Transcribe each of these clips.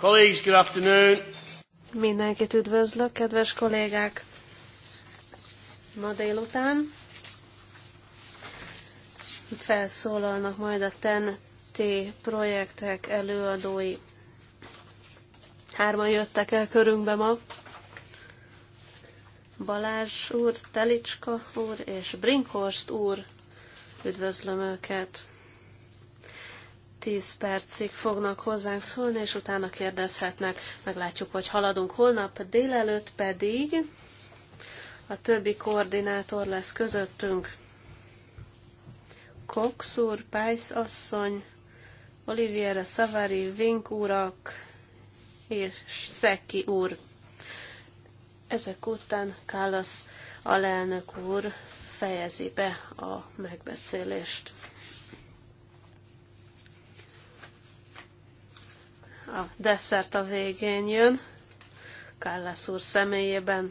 Colleagues, good afternoon. Mindenkit üdvözlök, kedves kollégák! Ma délután felszólalnak majd a TEN-T projektek előadói. Hárman jöttek el körünkbe ma. Balázs úr, Telicska úr és Brinkhorst úr. Üdvözlöm őket! 10 percig fognak hozzánk szólni, és utána kérdezhetnek. Meglátjuk, hogy haladunk. Holnap délelőtt pedig a többi koordinátor lesz közöttünk. Cox Pájsz asszony, Oliviera Szavari, Vink urak és Szeki úr. Ezek után Kálasz alelnök úr fejezi be a megbeszélést. a desszert a végén jön, Kállász úr személyében.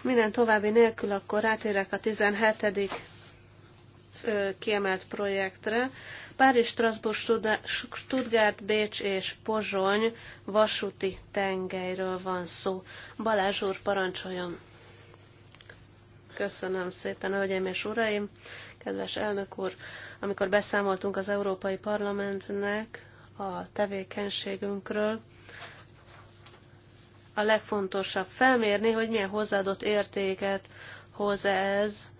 Minden további nélkül akkor rátérek a 17. kiemelt projektre. Párizs, Strasbourg, Stuttgart, Bécs és Pozsony vasúti tengelyről van szó. Balázs úr, parancsoljon! Köszönöm szépen, hölgyeim és uraim! Kedves elnök úr, amikor beszámoltunk az Európai Parlamentnek a tevékenységünkről, a legfontosabb felmérni, hogy milyen hozzáadott értéket hoz ez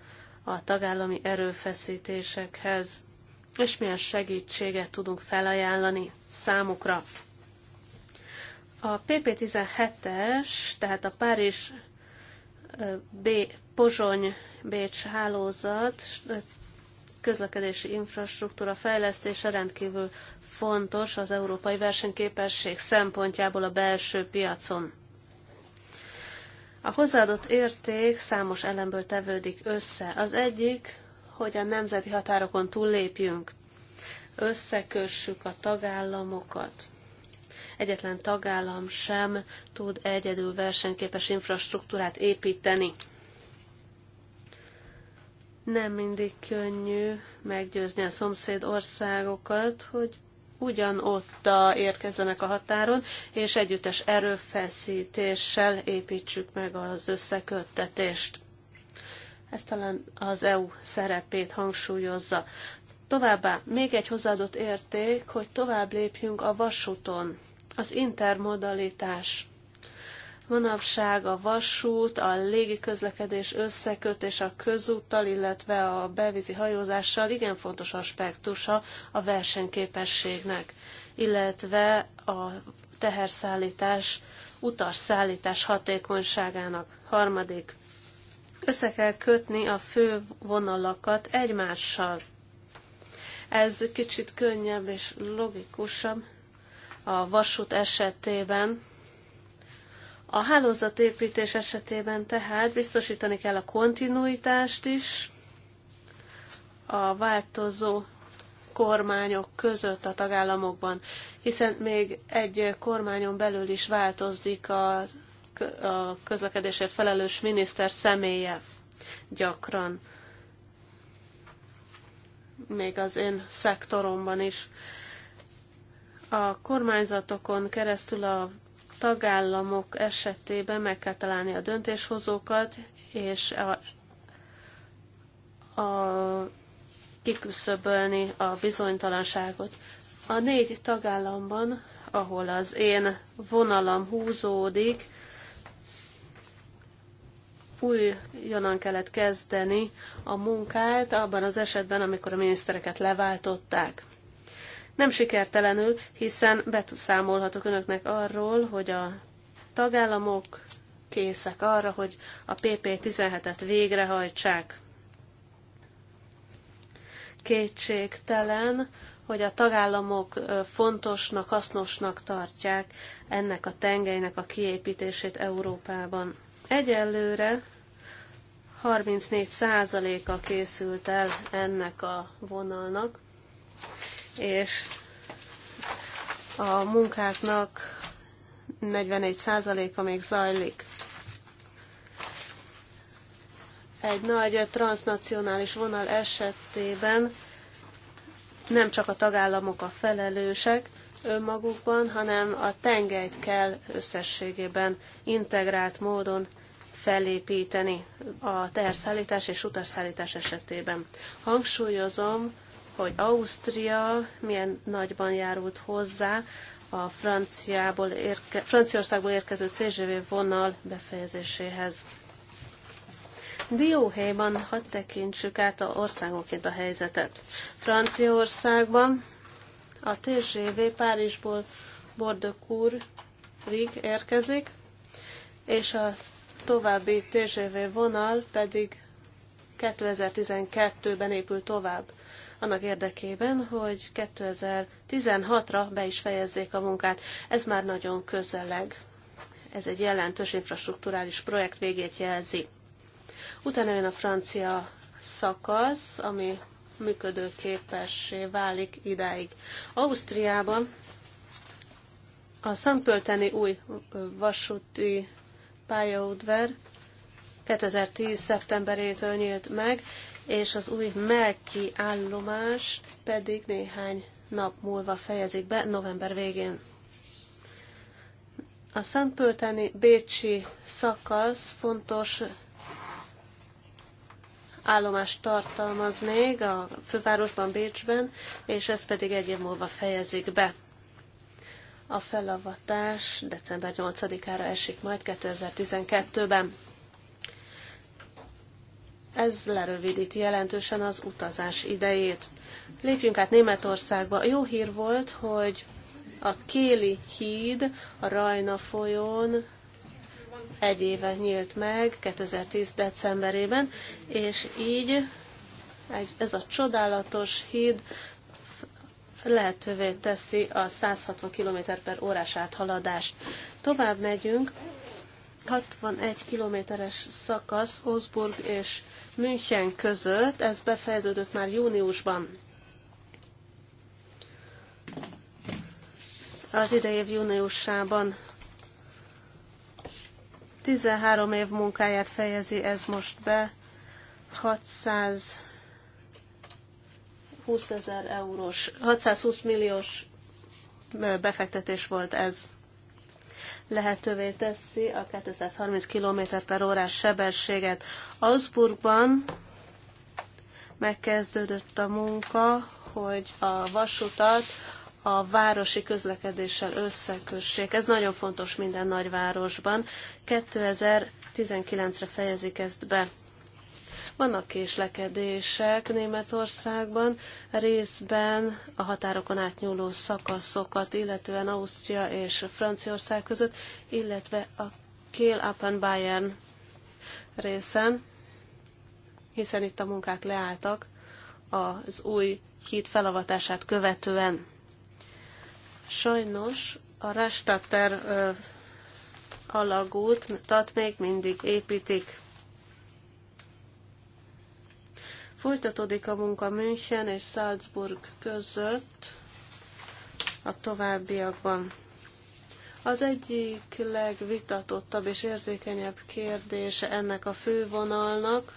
a tagállami erőfeszítésekhez, és milyen segítséget tudunk felajánlani számukra. A PP17-es, tehát a Párizs B, Pozsony Bécs hálózat közlekedési infrastruktúra fejlesztése rendkívül fontos az európai versenyképesség szempontjából a belső piacon. A hozzáadott érték számos elemből tevődik össze. Az egyik, hogy a nemzeti határokon túllépjünk, összekössük a tagállamokat. Egyetlen tagállam sem tud egyedül versenyképes infrastruktúrát építeni nem mindig könnyű meggyőzni a szomszéd országokat, hogy ugyanott érkezzenek a határon, és együttes erőfeszítéssel építsük meg az összeköttetést. Ez talán az EU szerepét hangsúlyozza. Továbbá még egy hozzáadott érték, hogy tovább lépjünk a vasúton. Az intermodalitás Manapság a vasút, a légi közlekedés összekötés a közúttal, illetve a belvízi hajózással igen fontos aspektusa a versenyképességnek, illetve a teherszállítás, utasszállítás hatékonyságának. Harmadik, össze kell kötni a fő vonalakat egymással. Ez kicsit könnyebb és logikusabb a vasút esetében, a hálózatépítés esetében tehát biztosítani kell a kontinuitást is a változó kormányok között a tagállamokban, hiszen még egy kormányon belül is változik a, a közlekedésért felelős miniszter személye gyakran. Még az én szektoromban is. A kormányzatokon keresztül a tagállamok esetében meg kell találni a döntéshozókat, és a, a kiküszöbölni a bizonytalanságot. A négy tagállamban, ahol az én vonalam húzódik, újonnan kellett kezdeni a munkát abban az esetben, amikor a minisztereket leváltották. Nem sikertelenül, hiszen beszámolhatok önöknek arról, hogy a tagállamok készek arra, hogy a PP17-et végrehajtsák. Kétségtelen, hogy a tagállamok fontosnak, hasznosnak tartják ennek a tengelynek a kiépítését Európában. Egyelőre 34%-a készült el ennek a vonalnak, és a munkáknak 41%-a még zajlik. Egy nagy transnacionális vonal esetében nem csak a tagállamok a felelősek önmagukban, hanem a tengelyt kell összességében integrált módon felépíteni a teherszállítás és utasszállítás esetében. Hangsúlyozom, hogy Ausztria milyen nagyban járult hozzá a Franciából érke, Franciaországból érkező TGV vonal befejezéséhez. Dióhéjban hadd tekintsük át a országonként a helyzetet. Franciaországban a TGV Párizsból Rig érkezik, és a további TGV vonal pedig 2012-ben épül tovább annak érdekében, hogy 2016-ra be is fejezzék a munkát. Ez már nagyon közeleg. Ez egy jelentős infrastruktúrális projekt végét jelzi. Utána jön a francia szakasz, ami működőképessé válik idáig. Ausztriában a Szentpölteni új vasúti pályaudvar 2010. szeptemberétől nyílt meg, és az új Melki állomást pedig néhány nap múlva fejezik be, november végén. A Szentpölteni Bécsi szakasz fontos állomást tartalmaz még a fővárosban, Bécsben, és ez pedig egy év múlva fejezik be. A felavatás december 8-ára esik majd 2012-ben. Ez lerövidíti jelentősen az utazás idejét. Lépjünk át Németországba. Jó hír volt, hogy a Kéli híd a Rajna folyón egy éve nyílt meg, 2010. decemberében, és így ez a csodálatos híd lehetővé teszi a 160 km per órás áthaladást. Tovább megyünk, 61 kilométeres szakasz Osburg és München között, ez befejeződött már júniusban. Az idejév júniusában 13 év munkáját fejezi ez most be, 600 20 ezer eurós, 620 milliós befektetés volt ez lehetővé teszi a 230 km per órás sebességet. Augsburgban megkezdődött a munka, hogy a vasutat a városi közlekedéssel összekössék. Ez nagyon fontos minden nagyvárosban. 2019-re fejezik ezt be. Vannak késlekedések Németországban, részben a határokon átnyúló szakaszokat, illetően Ausztria és Franciaország között, illetve a Kiel-Appen-Bayern részen, hiszen itt a munkák leálltak az új híd felavatását követően. Sajnos a Restatter tehát még mindig építik. Folytatódik a munka München és Salzburg között a továbbiakban. Az egyik legvitatottabb és érzékenyebb kérdése ennek a fővonalnak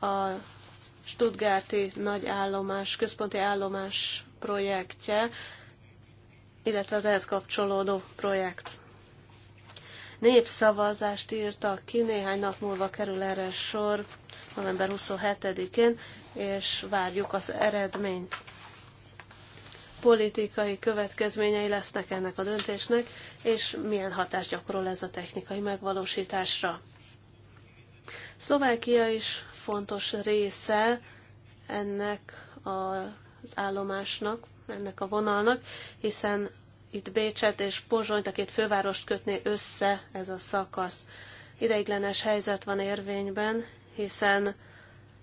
a Stuttgarti nagy állomás, központi állomás projektje, illetve az ehhez kapcsolódó projekt népszavazást írtak ki, néhány nap múlva kerül erre sor, november 27-én, és várjuk az eredményt. Politikai következményei lesznek ennek a döntésnek, és milyen hatást gyakorol ez a technikai megvalósításra. Szlovákia is fontos része ennek az állomásnak, ennek a vonalnak, hiszen itt Bécset és Pozsonyt, a két fővárost kötné össze ez a szakasz. Ideiglenes helyzet van érvényben, hiszen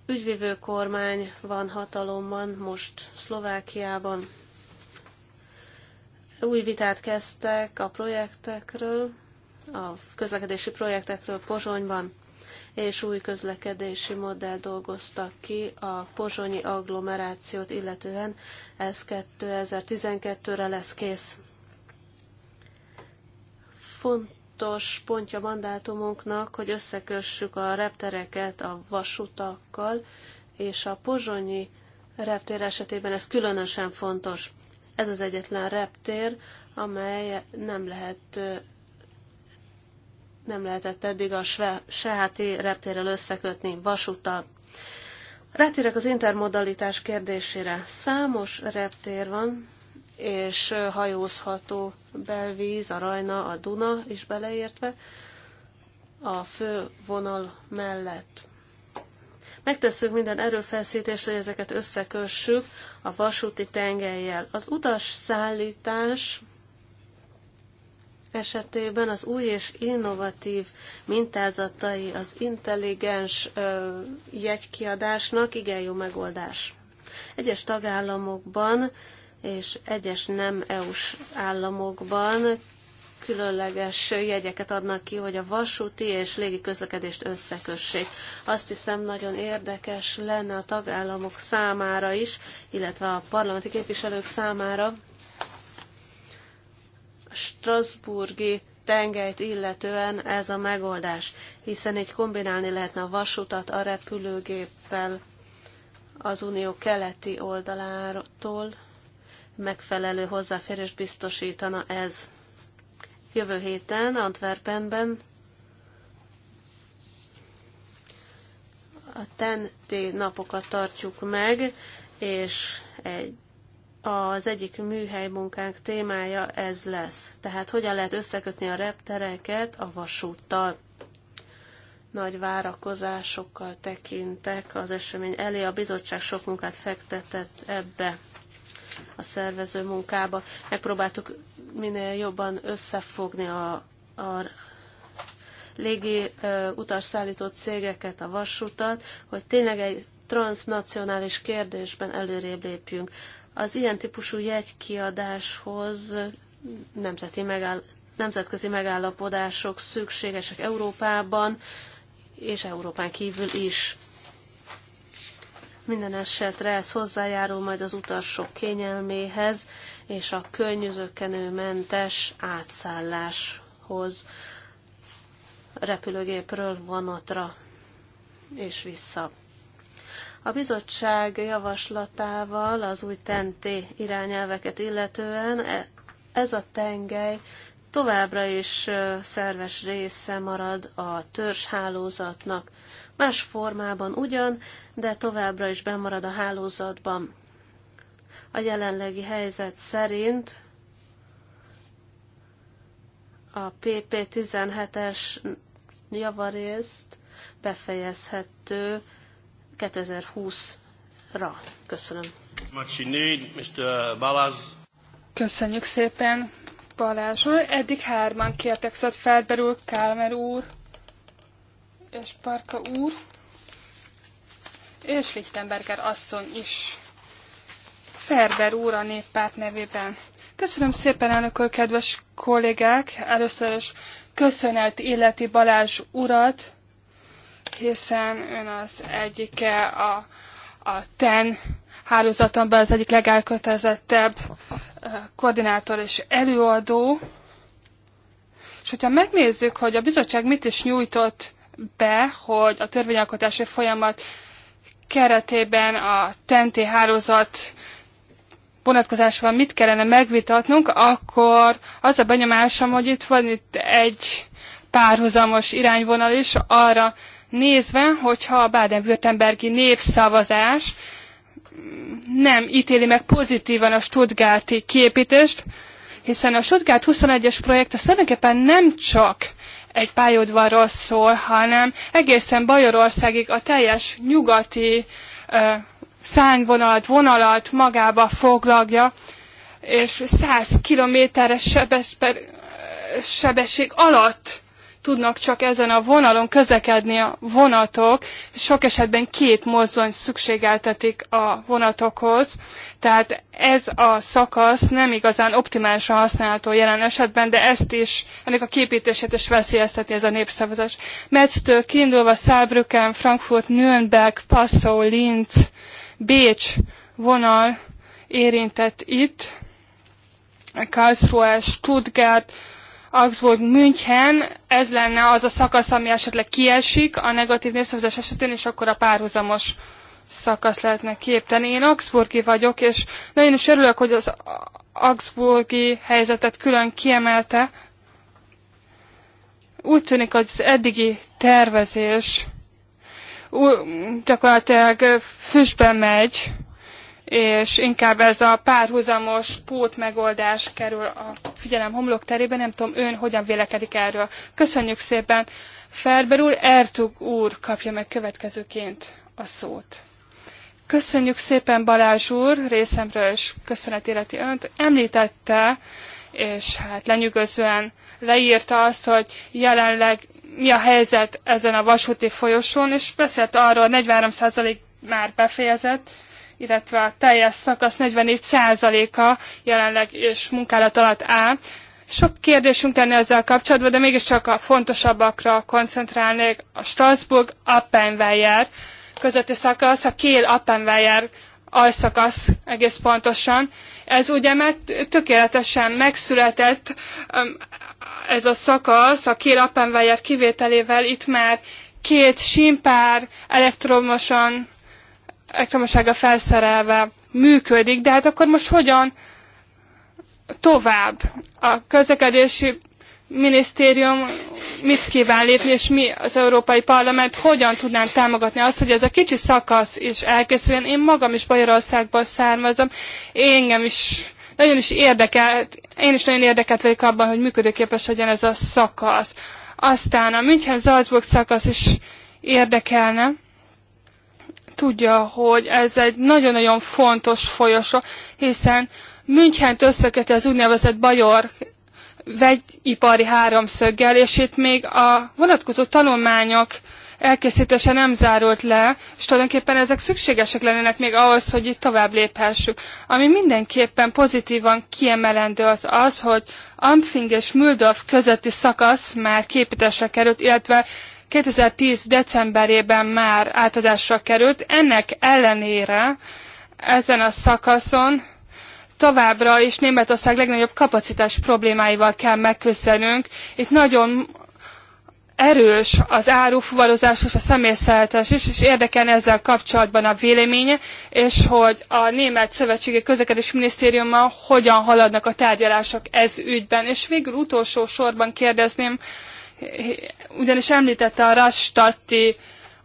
ügyvivő kormány van hatalomban most Szlovákiában. Új vitát kezdtek a projektekről, a közlekedési projektekről Pozsonyban, és új közlekedési modell dolgoztak ki a pozsonyi agglomerációt illetően. Ez 2012-re lesz kész fontos pontja mandátumunknak, hogy összekössük a reptereket a vasutakkal, és a pozsonyi reptér esetében ez különösen fontos. Ez az egyetlen reptér, amely nem lehet nem lehetett eddig a Seháti reptérrel összekötni vasúttal. Rátérek az intermodalitás kérdésére. Számos reptér van, és hajózható belvíz, a Rajna, a Duna is beleértve, a fő vonal mellett. Megtesszük minden erőfeszítést, hogy ezeket összekössük a vasúti tengelyjel. Az utas szállítás esetében az új és innovatív mintázatai az intelligens ö, jegykiadásnak igen jó megoldás. Egyes tagállamokban és egyes nem EU-s államokban különleges jegyeket adnak ki, hogy a vasúti és légi közlekedést összekössék. Azt hiszem nagyon érdekes lenne a tagállamok számára is, illetve a parlamenti képviselők számára a Strasburgi tengelyt illetően ez a megoldás, hiszen így kombinálni lehetne a vasutat a repülőgéppel az unió keleti oldalától, megfelelő hozzáférés biztosítana ez. Jövő héten Antwerpenben a ten napokat tartjuk meg, és egy, az egyik műhely munkánk témája ez lesz. Tehát hogyan lehet összekötni a reptereket a vasúttal. Nagy várakozásokkal tekintek az esemény elé, a bizottság sok munkát fektetett ebbe a szervező munkába. Megpróbáltuk minél jobban összefogni a, a légi utasszállító cégeket, a vasutat, hogy tényleg egy transnacionális kérdésben előrébb lépjünk. Az ilyen típusú jegykiadáshoz nemzeti megáll- nemzetközi megállapodások szükségesek Európában és Európán kívül is. Minden esetre ez hozzájárul majd az utasok kényelméhez és a környezőkenőmentes átszálláshoz repülőgépről vonatra és vissza. A bizottság javaslatával az új TNT irányelveket illetően e, ez a tengely továbbra is szerves része marad a törzshálózatnak. Más formában ugyan, de továbbra is bemarad a hálózatban. A jelenlegi helyzet szerint a PP17-es javarészt befejezhető 2020-ra. Köszönöm. Köszönjük szépen, Balázs úr. Eddig hárman kértek szót, felberül Kálmer úr, és Parka úr, és Lichtenberger asszony is. Ferber úr a néppárt nevében. Köszönöm szépen, elnök úr, kedves kollégák! Először is köszönet illeti Balázs urat, hiszen ön az egyike a, a TEN hálózatomban az egyik legelkötelezettebb eh, koordinátor és előadó. És hogyha megnézzük, hogy a bizottság mit is nyújtott be, hogy a törvényalkotási folyamat keretében a TNT hálózat vonatkozásában mit kellene megvitatnunk, akkor az a benyomásom, hogy itt van itt egy párhuzamos irányvonal is arra nézve, hogyha a Baden-Württembergi népszavazás nem ítéli meg pozitívan a Stuttgarti képítést, hiszen a Stuttgart 21-es projekt az tulajdonképpen nem csak egy pályaudvarról szól, hanem egészen Bajorországig a teljes nyugati ö, szányvonalat, vonalat magába foglalja, és 100 kilométeres sebes, sebesség alatt tudnak csak ezen a vonalon közlekedni a vonatok. Sok esetben két mozdony szükségeltetik a vonatokhoz, tehát ez a szakasz nem igazán optimálisan használható jelen esetben, de ezt is, ennek a képítését is veszélyezteti ez a népszavazás. Metztől kiindulva Saarbrücken, Frankfurt, Nürnberg, Passau, Linz, Bécs vonal érintett itt, Karlsruhe, Stuttgart, Augsburg München, ez lenne az a szakasz, ami esetleg kiesik a negatív népszavazás esetén, és akkor a párhuzamos szakasz lehetne képteni. Én Augsburgi vagyok, és nagyon is örülök, hogy az Augsburgi helyzetet külön kiemelte. Úgy tűnik, hogy az eddigi tervezés gyakorlatilag füstbe megy, és inkább ez a párhuzamos pót megoldás kerül a figyelem homlok terébe, nem tudom ön hogyan vélekedik erről. Köszönjük szépen. Ferber úr, Ertug úr kapja meg következőként a szót. Köszönjük szépen Balázs úr részemről, és köszönet életi önt. Említette, és hát lenyűgözően leírta azt, hogy jelenleg mi a helyzet ezen a vasúti folyosón, és beszélt arról, 43% már befejezett, illetve a teljes szakasz 44%-a jelenleg és munkálat alatt áll. Sok kérdésünk lenne ezzel kapcsolatban, de mégiscsak a fontosabbakra koncentrálnék. A Strasbourg Appenweier közötti szakasz, a Kiel Appenweier alszakasz egész pontosan. Ez ugye mert tökéletesen megszületett ez a szakasz, a Kiel Appenweier kivételével itt már két simpár elektromosan elektromossága felszerelve működik, de hát akkor most hogyan tovább? A közlekedési minisztérium mit kíván lépni, és mi az Európai Parlament hogyan tudnánk támogatni azt, hogy ez a kicsi szakasz is elkészüljön. Én magam is Magyarországból származom, én engem is nagyon is érdekelt, én is nagyon érdekelt vagyok abban, hogy működőképes legyen ez a szakasz. Aztán a München-Salzburg szakasz is érdekelne tudja, hogy ez egy nagyon-nagyon fontos folyosó, hiszen münchen összeköti az úgynevezett Bajor vegyipari háromszöggel, és itt még a vonatkozó tanulmányok elkészítése nem zárult le, és tulajdonképpen ezek szükségesek lennének még ahhoz, hogy itt tovább léphessük. Ami mindenképpen pozitívan kiemelendő az az, hogy Amfing és Müldorf közötti szakasz már képítésre került, illetve 2010. decemberében már átadásra került. Ennek ellenére ezen a szakaszon továbbra is Németország legnagyobb kapacitás problémáival kell megküzdenünk. Itt nagyon erős az árufuvarozás és a személyszállítás is, és érdekel ezzel kapcsolatban a véleménye, és hogy a Német Szövetségi Közlekedési Minisztériummal hogyan haladnak a tárgyalások ez ügyben. És végül utolsó sorban kérdezném ugyanis említette a Rastatti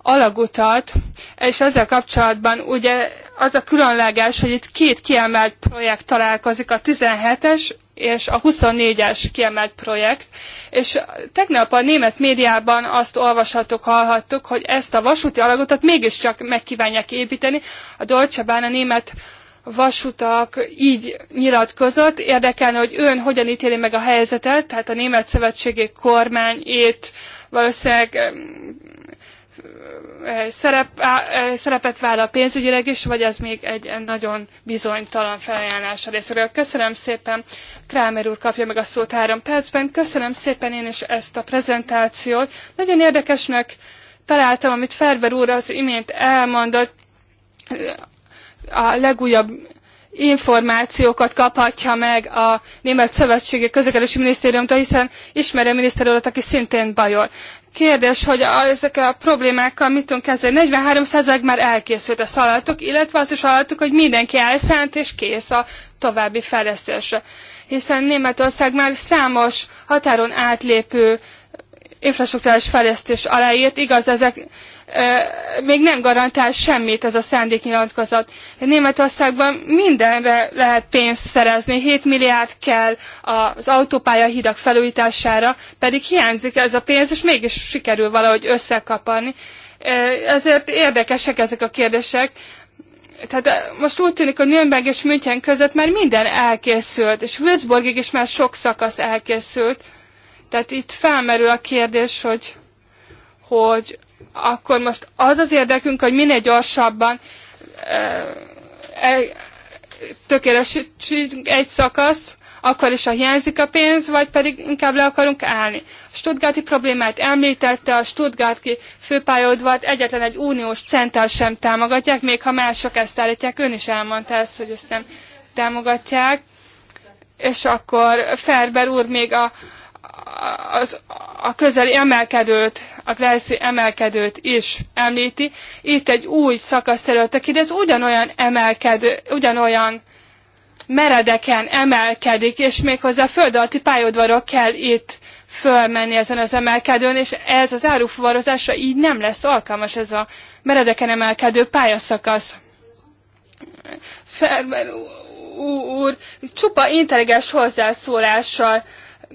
alagutat, és ezzel kapcsolatban ugye az a különleges, hogy itt két kiemelt projekt találkozik, a 17-es és a 24-es kiemelt projekt, és tegnap a német médiában azt olvashattuk, hallhattuk, hogy ezt a vasúti alagutat mégiscsak megkívánják építeni. A Deutsche Bahn a német vasutak így nyilatkozott. Érdekelne, hogy ön hogyan ítéli meg a helyzetet, tehát a német szövetségi kormány itt valószínűleg eh, szerep, eh, szerepet vállal pénzügyileg is, vagy ez még egy nagyon bizonytalan felajánlás a részéről. Köszönöm szépen, Krámer úr kapja meg a szót három percben. Köszönöm szépen én is ezt a prezentációt. Nagyon érdekesnek találtam, amit Ferber úr az imént elmondott, a legújabb információkat kaphatja meg a Német Szövetségi Közlekedési Minisztériumtól, hiszen ismeri a miniszter urat, aki szintén bajol. Kérdés, hogy a, ezekkel a problémákkal mit tudunk kezdeni? 43% már elkészült a szalatok, illetve azt is hallottuk, hogy mindenki elszánt és kész a további fejlesztésre. Hiszen Németország már számos határon átlépő infrastruktúrális fejlesztés aláírt, igaz, ezek még nem garantál semmit ez a szándéknyilatkozat. Németországban mindenre lehet pénzt szerezni, 7 milliárd kell az autópálya hidak felújítására, pedig hiányzik ez a pénz, és mégis sikerül valahogy összekaparni. Ezért érdekesek ezek a kérdések. Tehát most úgy tűnik, hogy Nürnberg és München között már minden elkészült, és Würzburgig is már sok szakasz elkészült. Tehát itt felmerül a kérdés, hogy, hogy akkor most az az érdekünk, hogy minél gyorsabban e, tökéletesítsünk egy szakaszt, akkor is, ha hiányzik a pénz, vagy pedig inkább le akarunk állni. A Stuttgarti problémát említette, a Stuttgarti főpályaudvart egyetlen egy uniós centel sem támogatják, még ha mások ezt állítják, ön is elmondta ezt, hogy ezt nem támogatják. És akkor Ferber úr még a, az, a közeli emelkedőt, a Gleiszi emelkedőt is említi. Itt egy új szakasz területek, de ez ugyanolyan emelkedő, ugyanolyan meredeken emelkedik, és méghozzá föld alatti pályaudvarok kell itt fölmenni ezen az emelkedőn, és ez az árufuvarozásra így nem lesz alkalmas ez a meredeken emelkedő pályaszakasz. Fermer úr csupa intelligens hozzászólással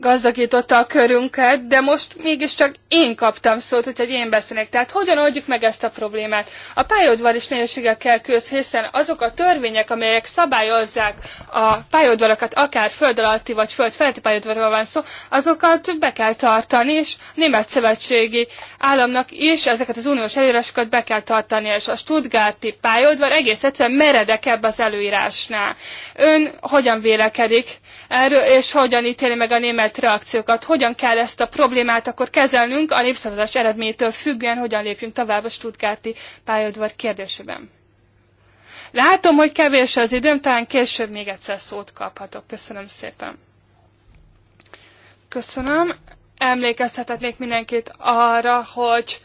gazdagította a körünket, de most mégiscsak én kaptam szót, hogy én beszélek. Tehát hogyan oldjuk meg ezt a problémát? A pályaudvar is nehézségekkel küzd, hiszen azok a törvények, amelyek szabályozzák a pályaudvarokat, akár föld alatti vagy föld felti pályaudvarról van szó, azokat be kell tartani, és a német szövetségi államnak is ezeket az uniós előírásokat be kell tartani, és a Stuttgarti pályaudvar egész egyszerűen meredekebb az előírásnál. Ön hogyan vélekedik erről, és hogyan ítéli meg a német reakciókat. Hogyan kell ezt a problémát akkor kezelnünk a népszavazás eredményétől függően, hogyan lépjünk tovább a Stuttgarti pályaudvar kérdésében. Látom, hogy kevés az időm, talán később még egyszer szót kaphatok. Köszönöm szépen. Köszönöm. Emlékeztethetnék mindenkit arra, hogy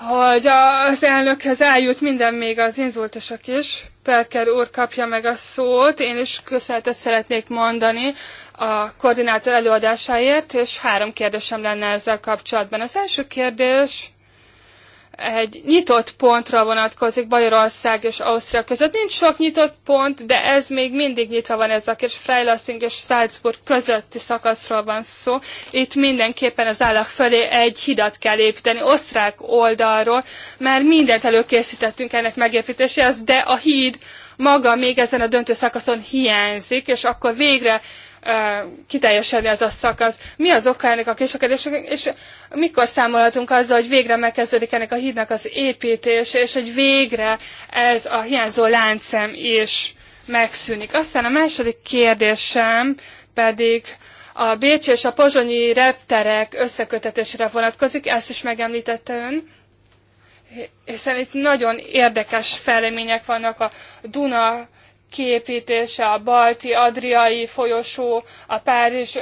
hogy az elnökhez eljut minden, még az inzultosok is. Pelker úr kapja meg a szót. Én is köszönetet szeretnék mondani a koordinátor előadásáért, és három kérdésem lenne ezzel kapcsolatban. Az első kérdés egy nyitott pontra vonatkozik Bajorország és Ausztria között. Nincs sok nyitott pont, de ez még mindig nyitva van ez a kis Freilassing és Salzburg közötti szakaszról van szó. Itt mindenképpen az állag felé egy hidat kell építeni osztrák oldalról, mert mindent előkészítettünk ennek megépítéséhez, de a híd maga még ezen a döntő szakaszon hiányzik, és akkor végre kiteljesedni ez a szakasz. Mi az oka ennek a késlekedésnek, és mikor számolhatunk azzal, hogy végre megkezdődik ennek a hídnak az építése, és hogy végre ez a hiányzó láncem is megszűnik. Aztán a második kérdésem pedig a Bécs és a pozsonyi repterek összekötetésére vonatkozik, ezt is megemlítette ön hiszen itt nagyon érdekes fejlemények vannak a Duna kiépítése, a balti-adriai folyosó, a Párizs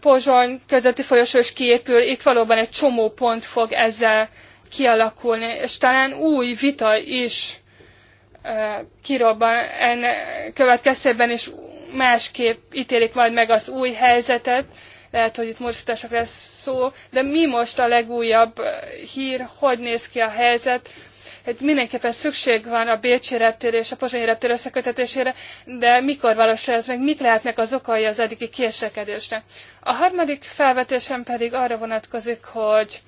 Pozsony közötti folyosó is kiépül, itt valóban egy csomó pont fog ezzel kialakulni, és talán új vita is kirobban ennek következtében is másképp ítélik majd meg az új helyzetet, lehet, hogy itt módosítások lesz szó, de mi most a legújabb hír, hogy néz ki a helyzet, hogy hát mindenképpen szükség van a Bécsi reptér és a Pozsonyi reptér összekötetésére, de mikor valósul ez meg, mit lehetnek az okai az eddigi késlekedésnek. A harmadik felvetésem pedig arra vonatkozik, hogy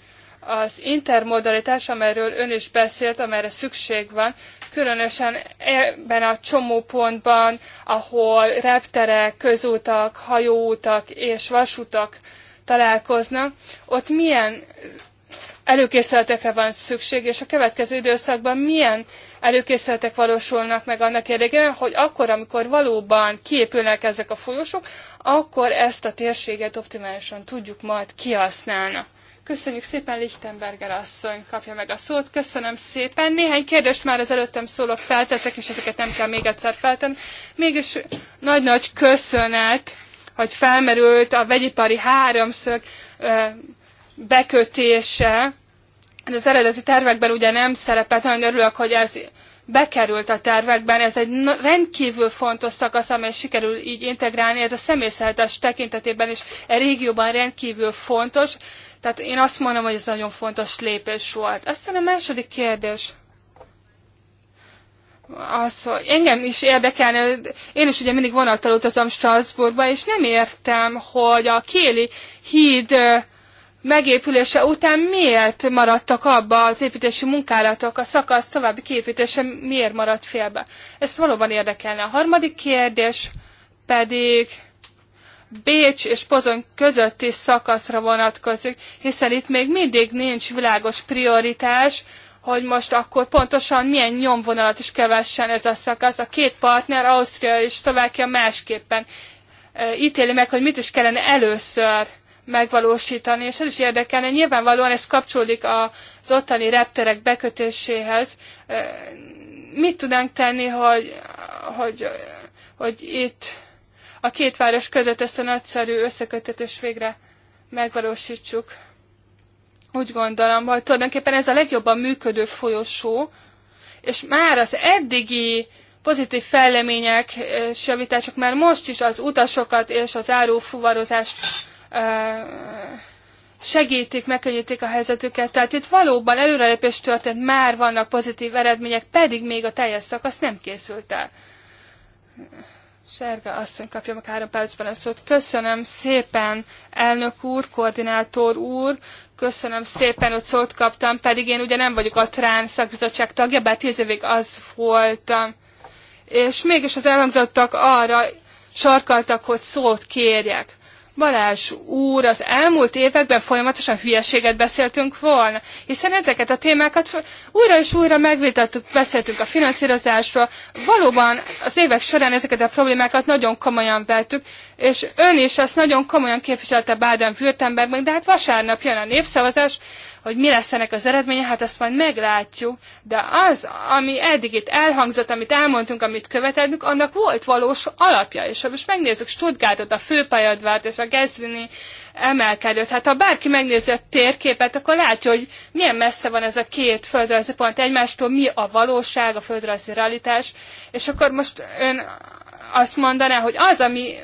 az intermodalitás, amelyről ön is beszélt, amelyre szükség van, különösen ebben a csomópontban, ahol repterek, közútak, hajóutak és vasutak találkoznak, ott milyen előkészületekre van szükség, és a következő időszakban milyen előkészületek valósulnak meg annak érdekében, hogy akkor, amikor valóban kiépülnek ezek a folyosók, akkor ezt a térséget optimálisan tudjuk majd kihasználni. Köszönjük szépen, Lichtenberger asszony kapja meg a szót. Köszönöm szépen. Néhány kérdést már az előttem szólok feltettek, és ezeket nem kell még egyszer feltenni. Mégis nagy-nagy köszönet, hogy felmerült a vegyipari háromszög bekötése, az eredeti tervekben ugye nem szerepelt, nagyon örülök, hogy ez bekerült a tervekben. Ez egy rendkívül fontos szakasz, amely sikerül így integrálni. Ez a személyszeretes tekintetében is a e régióban rendkívül fontos. Tehát én azt mondom, hogy ez nagyon fontos lépés volt. Aztán a második kérdés. Az, hogy engem is érdekelne, én is ugye mindig vonattal utazom Strasbourgba, és nem értem, hogy a Kéli híd megépülése után miért maradtak abba az építési munkálatok, a szakasz további képítése miért maradt félbe. Ezt valóban érdekelne. A harmadik kérdés pedig Bécs és Pozon közötti szakaszra vonatkozik, hiszen itt még mindig nincs világos prioritás, hogy most akkor pontosan milyen nyomvonalat is kevessen ez a szakasz. A két partner, Ausztria és Szlovákia másképpen eh, ítéli meg, hogy mit is kellene először megvalósítani, és ez is érdekelne. Nyilvánvalóan ez kapcsolódik az ottani repterek bekötéséhez. Mit tudnánk tenni, hogy, hogy, hogy itt a két város között ezt a nagyszerű összekötetés végre megvalósítsuk? Úgy gondolom, hogy tulajdonképpen ez a legjobban működő folyosó, és már az eddigi pozitív fejlemények és javítások már most is az utasokat és az árufuvarozást segítik, megkönnyítik a helyzetüket. Tehát itt valóban előrelépés történt, már vannak pozitív eredmények, pedig még a teljes szakasz nem készült el. Serga asszony kapja meg három percben a szót. Köszönöm szépen, elnök úr, koordinátor úr, köszönöm szépen, hogy szót kaptam, pedig én ugye nem vagyok a TRÁN szakbizottság tagja, bár tíz évig az voltam. És mégis az elhangzottak arra sarkaltak, hogy szót kérjek. Balázs úr, az elmúlt években folyamatosan hülyeséget beszéltünk volna, hiszen ezeket a témákat újra és újra megvitattuk, beszéltünk a finanszírozásról. Valóban az évek során ezeket a problémákat nagyon komolyan vettük, és ön is ezt nagyon komolyan képviselte Baden-Württembergben, de hát vasárnap jön a népszavazás, hogy mi lesz ennek az eredménye, hát azt majd meglátjuk, de az, ami eddig itt elhangzott, amit elmondtunk, amit követelünk, annak volt valós alapja, és ha most megnézzük Stuttgartot, a főpályadvát és a Gezrini emelkedőt, hát ha bárki megnézi a térképet, akkor látja, hogy milyen messze van ez a két földrajzi pont egymástól, mi a valóság, a földrajzi realitás, és akkor most ön azt mondaná, hogy az, ami,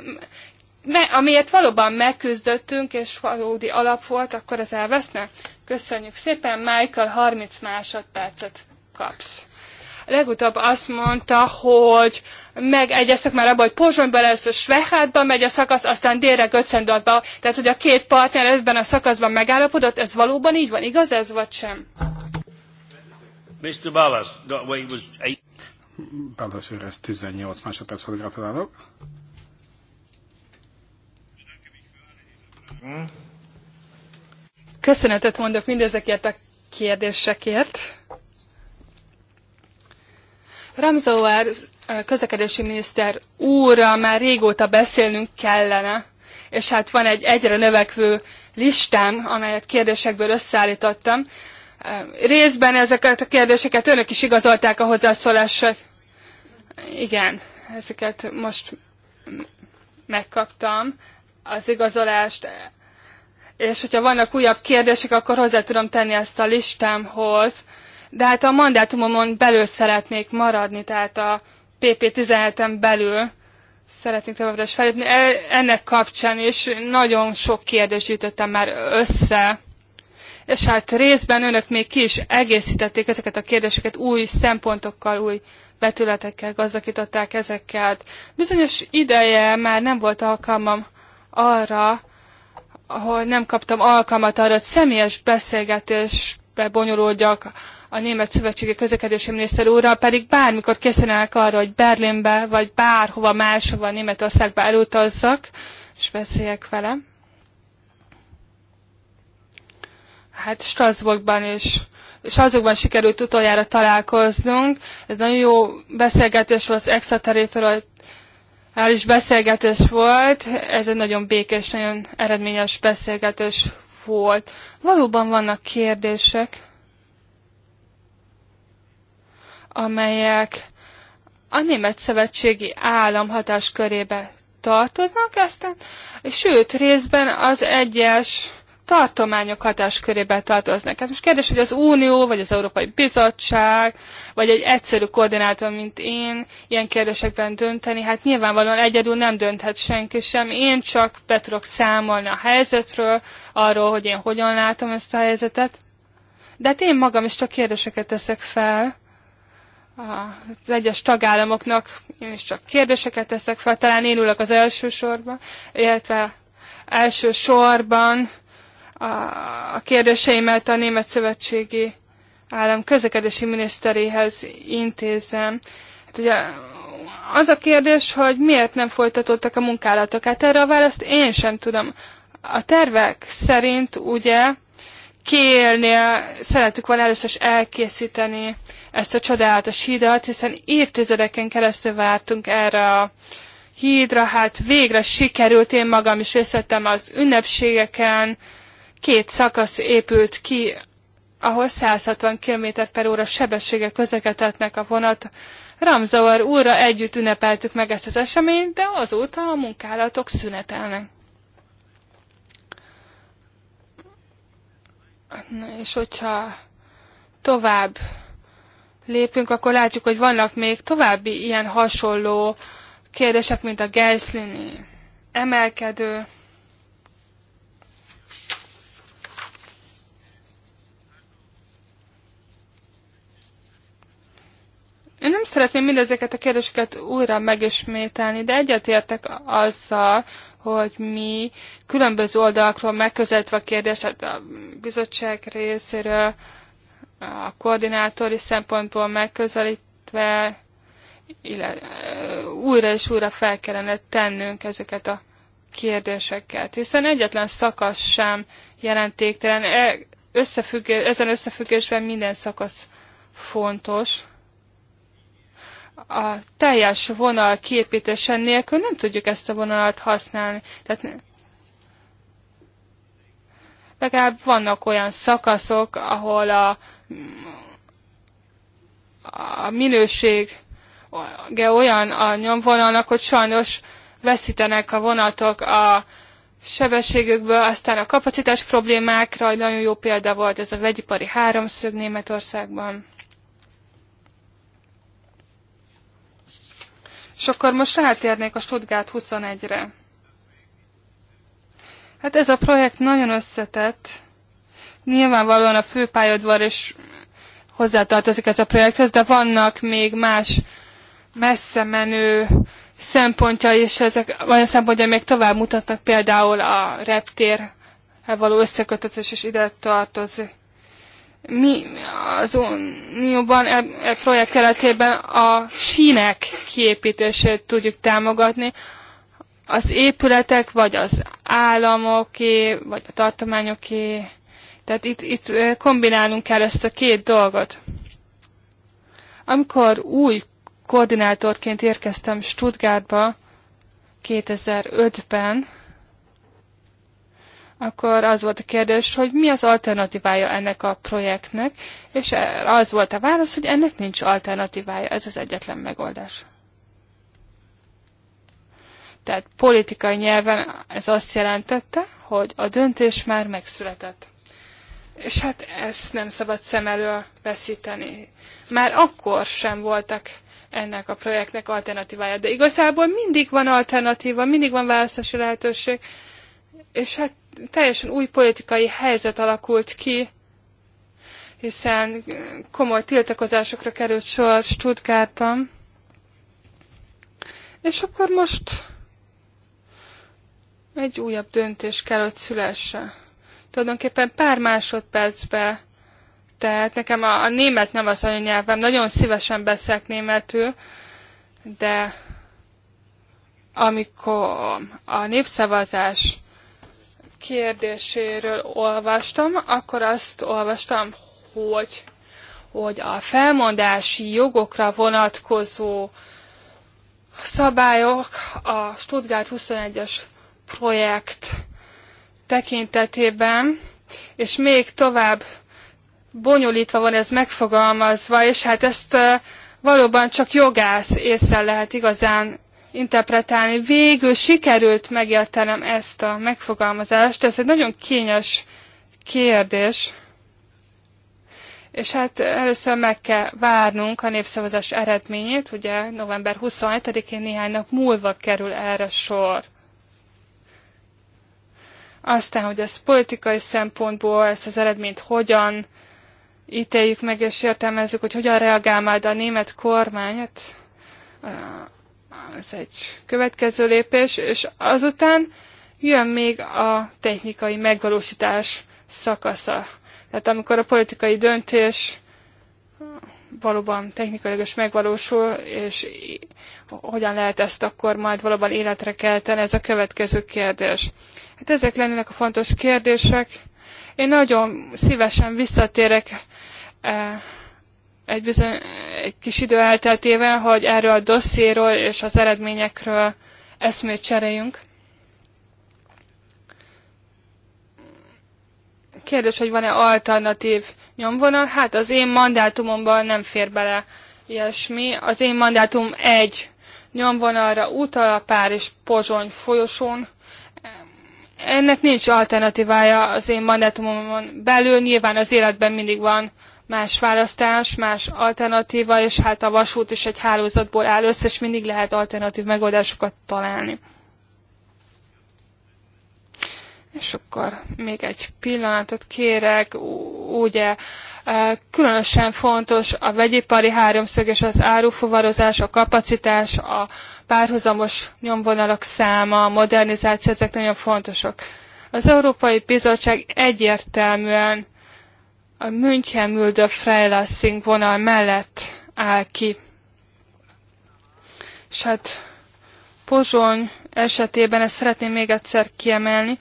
ne, amiért valóban megküzdöttünk, és valódi alap volt, akkor ez elveszne? Köszönjük szépen, Michael, 30 másodpercet kapsz. Legutóbb azt mondta, hogy megegyeztek már abban, hogy Pozsonyban először Svehátban megy a szakasz, aztán délre Göcendorba. Tehát, hogy a két partner ebben a szakaszban megállapodott, ez valóban így van, igaz ez vagy sem? Mr. Ballas, was eight. Bálos úr, ez 18 másodperc volt, gratulálok. Köszönetet mondok mindezekért a kérdésekért. Ramzauer eh, közlekedési miniszter úrral már régóta beszélnünk kellene, és hát van egy egyre növekvő listám, amelyet kérdésekből összeállítottam részben ezeket a kérdéseket önök is igazolták a hozzászólások. Igen, ezeket most megkaptam, az igazolást, és hogyha vannak újabb kérdések, akkor hozzá tudom tenni ezt a listámhoz. De hát a mandátumomon belül szeretnék maradni, tehát a PP17-en belül szeretnék továbbra is feljutni. E- ennek kapcsán is nagyon sok kérdést gyűjtöttem már össze, és hát részben önök még ki is egészítették ezeket a kérdéseket új szempontokkal, új vetületekkel gazdagították ezeket. Bizonyos ideje már nem volt alkalmam arra, hogy nem kaptam alkalmat arra, hogy személyes beszélgetésbe bonyolódjak a Német Szövetségi Közlekedési Miniszter úrral, pedig bármikor készen állok arra, hogy Berlinbe, vagy bárhova máshova Németországba elutazzak, és beszéljek vele. hát Strasbourgban is és azokban sikerült utoljára találkoznunk. Ez nagyon jó beszélgetés volt, az extraterritorial is beszélgetés volt. Ez egy nagyon békés, nagyon eredményes beszélgetés volt. Valóban vannak kérdések, amelyek a német szövetségi állam hatáskörébe tartoznak, aztán, sőt, részben az egyes tartományok körébe tartoznak. Hát most kérdés, hogy az Unió, vagy az Európai Bizottság, vagy egy egyszerű koordinátor, mint én, ilyen kérdésekben dönteni, hát nyilvánvalóan egyedül nem dönthet senki sem. Én csak be tudok számolni a helyzetről, arról, hogy én hogyan látom ezt a helyzetet. De hát én magam is csak kérdéseket teszek fel az egyes tagállamoknak, én is csak kérdéseket teszek fel, talán én ülök az első sorban, illetve első sorban, a, a kérdéseimet a Német Szövetségi Állam közlekedési miniszteréhez intézem. Hát ugye az a kérdés, hogy miért nem folytatottak a munkálatok. Hát erre a választ én sem tudom. A tervek szerint ugye Kiélnél szerettük volna először is elkészíteni ezt a csodálatos hídat, hiszen évtizedeken keresztül vártunk erre a hídra, hát végre sikerült, én magam is részletem az ünnepségeken, két szakasz épült ki, ahol 160 km per óra sebessége közlekedhetnek a vonat. Ramzavar úrra együtt ünnepeltük meg ezt az eseményt, de azóta a munkálatok szünetelnek. Na, és hogyha tovább lépünk, akkor látjuk, hogy vannak még további ilyen hasonló kérdések, mint a gelslini emelkedő. Én nem szeretném mindezeket a kérdéseket újra megismételni, de egyetértek azzal, hogy mi különböző oldalakról megközelítve a kérdést, hát a bizottság részéről, a koordinátori szempontból megközelítve, illetve újra és újra fel kellene tennünk ezeket a kérdéseket, hiszen egyetlen szakasz sem jelentéktelen, e, összefüggés, ezen összefüggésben minden szakasz fontos a teljes vonal kiépítése nélkül nem tudjuk ezt a vonalat használni. Tehát legalább vannak olyan szakaszok, ahol a, a minőség olyan a nyomvonalnak, hogy sajnos veszítenek a vonatok a sebességükből, aztán a kapacitás problémákra, nagyon jó példa volt ez a vegyipari háromszög Németországban. És akkor most rátérnék a Stuttgart 21-re. Hát ez a projekt nagyon összetett. Nyilvánvalóan a főpályadvar is hozzátartozik ez a projekthez, de vannak még más messze menő szempontja, és ezek olyan szempontja még tovább mutatnak, például a reptér való összekötetés is ide tartozik mi az Unióban e, e projekt keretében a sínek kiépítését tudjuk támogatni, az épületek, vagy az államoké, vagy a tartományoké. Tehát itt, itt kombinálnunk kell ezt a két dolgot. Amikor új koordinátorként érkeztem Stuttgartba 2005-ben, akkor az volt a kérdés, hogy mi az alternatívája ennek a projektnek, és az volt a válasz, hogy ennek nincs alternatívája, ez az egyetlen megoldás. Tehát politikai nyelven ez azt jelentette, hogy a döntés már megszületett. És hát ezt nem szabad szem elől veszíteni. Már akkor sem voltak ennek a projektnek alternatívája, de igazából mindig van alternatíva, mindig van választási lehetőség, és hát teljesen új politikai helyzet alakult ki, hiszen komoly tiltakozásokra került sor Stuttgartban. És akkor most egy újabb döntés kell, hogy szülesse. Tulajdonképpen pár másodpercbe, tehát nekem a, a német nem az anyanyelvem, nagyon szívesen beszélek németül, de amikor a népszavazás kérdéséről olvastam, akkor azt olvastam, hogy, hogy a felmondási jogokra vonatkozó szabályok a Stuttgart 21-es projekt tekintetében, és még tovább bonyolítva van ez megfogalmazva, és hát ezt eh, valóban csak jogász észre lehet igazán interpretálni. Végül sikerült megértenem ezt a megfogalmazást, ez egy nagyon kényes kérdés, és hát először meg kell várnunk a népszavazás eredményét, ugye november 27-én néhány nap múlva kerül erre sor. Aztán, hogy ez politikai szempontból, ezt az eredményt hogyan ítéljük meg és értelmezzük, hogy hogyan reagál majd a német kormány, hát, az egy következő lépés, és azután jön még a technikai megvalósítás szakasza. Tehát amikor a politikai döntés valóban technikailag is megvalósul, és hogyan lehet ezt akkor majd valóban életre kelteni, ez a következő kérdés. Hát ezek lennének a fontos kérdések. Én nagyon szívesen visszatérek eh, egy, bizony, egy kis idő elteltével, hogy erről a dosszéről és az eredményekről eszmét cseréljünk. Kérdés, hogy van-e alternatív nyomvonal? Hát az én mandátumomban nem fér bele ilyesmi. Az én mandátum egy nyomvonalra utal a és Pozsony folyosón. Ennek nincs alternatívája az én mandátumomon belül. Nyilván az életben mindig van más választás, más alternatíva, és hát a vasút is egy hálózatból áll össze, és mindig lehet alternatív megoldásokat találni. És akkor még egy pillanatot kérek, ugye különösen fontos a vegyipari háromszög és az árufovarozás, a kapacitás, a párhuzamos nyomvonalak száma, a modernizáció, ezek nagyon fontosak. Az Európai Bizottság egyértelműen a München Müldöf Freilassing vonal mellett áll ki. És hát Pozsony esetében ezt szeretném még egyszer kiemelni.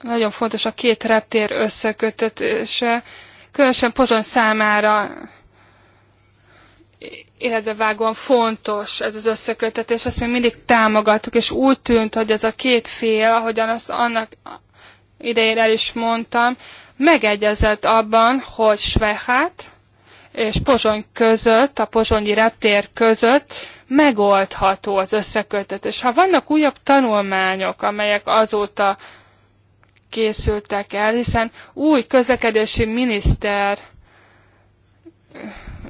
Nagyon fontos a két reptér összekötetése, különösen Pozsony számára életbevágóan fontos ez az összekötetés, ezt még mindig támogattuk, és úgy tűnt, hogy ez a két fél, ahogyan azt annak idején el is mondtam, megegyezett abban, hogy Svehát és Pozsony között, a pozsonyi reptér között megoldható az összekötetés. Ha vannak újabb tanulmányok, amelyek azóta készültek el, hiszen új közlekedési miniszter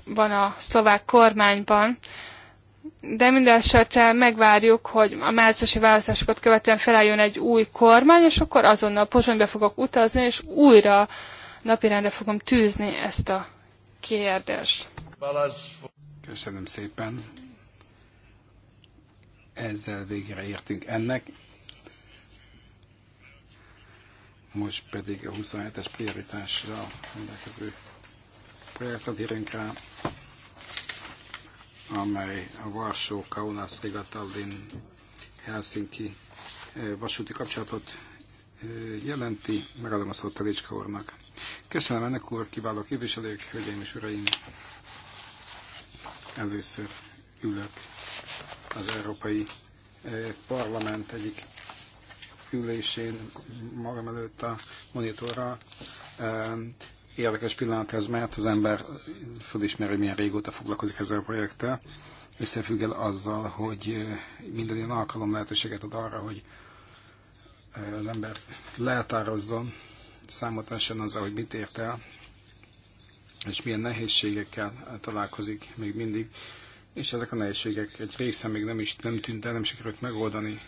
van a szlovák kormányban, de minden esetre megvárjuk, hogy a márciusi választásokat követően felálljon egy új kormány, és akkor azonnal Pozsonybe fogok utazni, és újra napirendre fogom tűzni ezt a kérdést. Köszönöm szépen. Ezzel végre értünk ennek. Most pedig a 27-es prioritásra rendelkező projektre rá amely a Varsó, Kaunas, Riga, Tallinn, Helsinki eh, vasúti kapcsolatot eh, jelenti. Megadom a szót Telicska úrnak. Köszönöm ennek úr, kiváló képviselők, hölgyeim és uraim! Először ülök az Európai eh, Parlament egyik ülésén magam előtt a monitorral érdekes pillanat ez, mert az ember fölismeri, hogy milyen régóta foglalkozik ezzel a projekttel, összefügg el azzal, hogy minden ilyen alkalom lehetőséget ad arra, hogy az ember leltározzon, számotásan azzal, hogy mit ért el, és milyen nehézségekkel találkozik még mindig, és ezek a nehézségek egy része még nem is nem tűnt el, nem sikerült megoldani.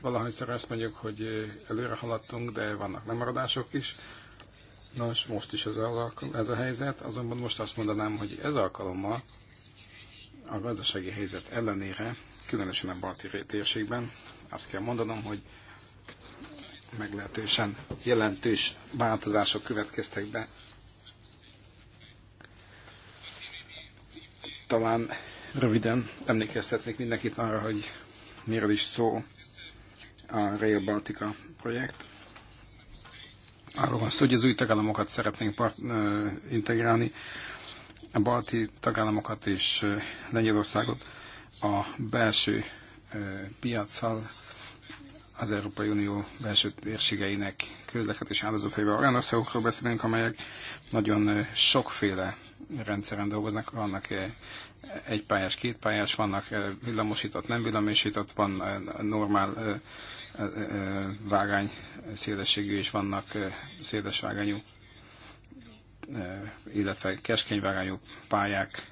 Valahányszor azt mondjuk, hogy előre haladtunk, de vannak lemaradások is, Nos, most is ez a, ez a helyzet, azonban most azt mondanám, hogy ez alkalommal a gazdasági helyzet ellenére, különösen a balti térségben, azt kell mondanom, hogy meglehetősen jelentős változások következtek be. Talán röviden emlékeztetnék mindenkit arra, hogy miről is szó a Rail Baltica projekt arról van szó, hogy az új tagállamokat szeretnénk part, integrálni, a balti tagállamokat és Lengyelországot a belső piacsal, az Európai Unió belső térségeinek közlekedési áldozataival olyan országokról beszélünk, amelyek nagyon sokféle rendszeren dolgoznak, vannak egy pályás, két pályás, vannak villamosított, nem villamosított, van normál vágány szélességű és vannak széles vágányú, illetve keskeny vágányú pályák.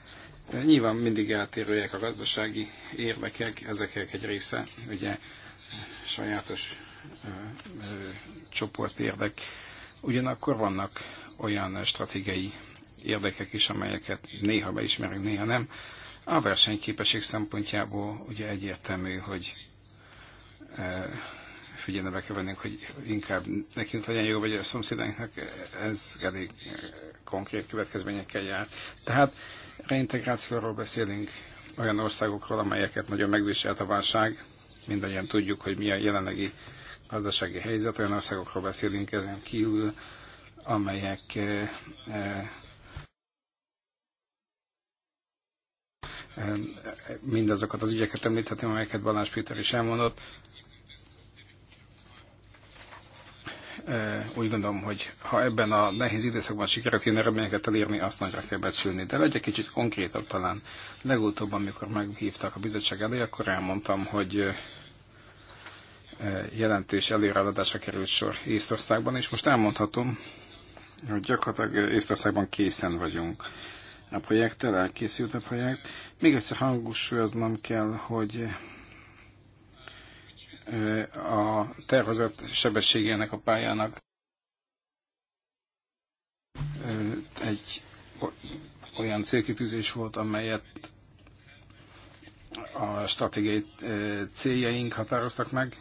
Nyilván mindig eltérőek a gazdasági érdekek, ezeknek egy része ugye sajátos csoport érdek. Ugyanakkor vannak olyan stratégiai érdekek is, amelyeket néha beismerünk, néha nem. A versenyképesség szempontjából ugye egyértelmű, hogy Eh, figyelembe kell vennünk, hogy inkább nekünk legyen jó, vagy a szomszédainknak ez elég eh, konkrét következményekkel jár. Tehát reintegrációról beszélünk olyan országokról, amelyeket nagyon megviselt a válság. Mindannyian tudjuk, hogy mi a jelenlegi gazdasági helyzet. Olyan országokról beszélünk ezen kívül, amelyek eh, mindazokat az ügyeket említhetem, amelyeket Balázs Péter is elmondott, úgy gondolom, hogy ha ebben a nehéz időszakban sikerült ilyen eredményeket elérni, azt nagyra kell becsülni. De legyek kicsit konkrétabb talán. Legutóbb, amikor meghívtak a bizottság elé, akkor elmondtam, hogy jelentős előreadásra került sor Észtországban, és most elmondhatom, hogy gyakorlatilag Észtországban készen vagyunk a projekttel, elkészült a projekt. Még egyszer hangosúlyoznom kell, hogy a tervezett sebességének a pályának egy olyan célkitűzés volt, amelyet a stratégiai céljaink határoztak meg,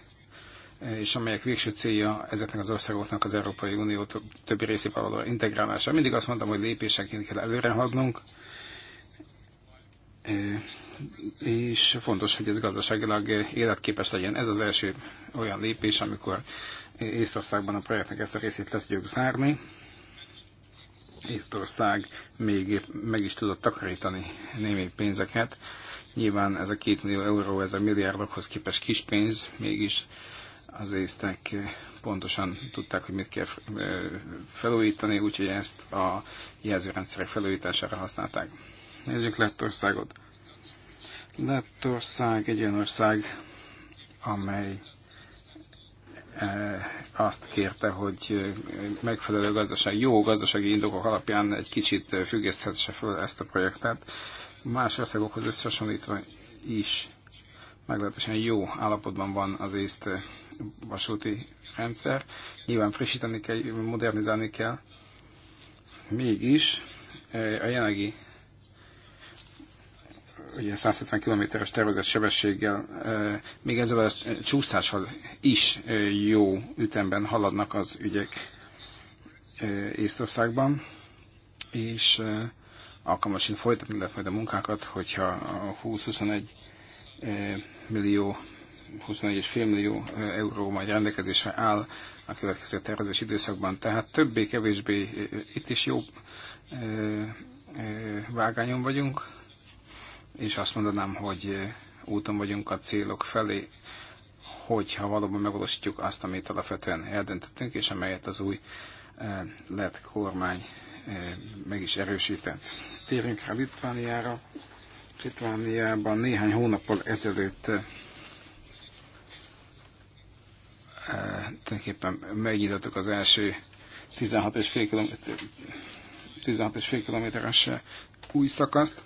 és amelyek végső célja ezeknek az országoknak az Európai Unió többi részébe való integrálása. Mindig azt mondtam, hogy lépéseként kell előre haladnunk, és fontos, hogy ez gazdaságilag életképes legyen. Ez az első olyan lépés, amikor Észtországban a projektnek ezt a részét le tudjuk zárni. Észtország még meg is tudott takarítani némi pénzeket. Nyilván ez a két millió euró, ez a milliárdokhoz képest kis pénz, mégis az észtek pontosan tudták, hogy mit kell felújítani, úgyhogy ezt a jelzőrendszerek felújítására használták. Nézzük Lettországot. Lettország egy olyan ország, amely eh, azt kérte, hogy eh, megfelelő gazdaság, jó gazdasági indokok alapján egy kicsit eh, függeszthetse fel ezt a projektet. Más országokhoz összehasonlítva is meglehetősen jó állapotban van az észt vasúti rendszer. Nyilván frissíteni kell, modernizálni kell. Mégis a jelenlegi ugye 170 km-es tervezett sebességgel, még ezzel a csúszással is jó ütemben haladnak az ügyek Észtországban, és alkalmasint folytatni lehet majd a munkákat, hogyha a 20-21 millió 21,5 millió euró majd rendelkezésre áll a következő tervezés időszakban. Tehát többé-kevésbé itt is jó vágányon vagyunk, és azt mondanám, hogy eh, úton vagyunk a célok felé, hogyha valóban megvalósítjuk azt, amit alapvetően eldöntöttünk, és amelyet az új eh, lett kormány eh, meg is erősített. Térjünk rá Litvániára. Litvániában néhány hónappal ezelőtt tulajdonképpen megnyitottuk az első 16,5 km, kilométeres új szakaszt,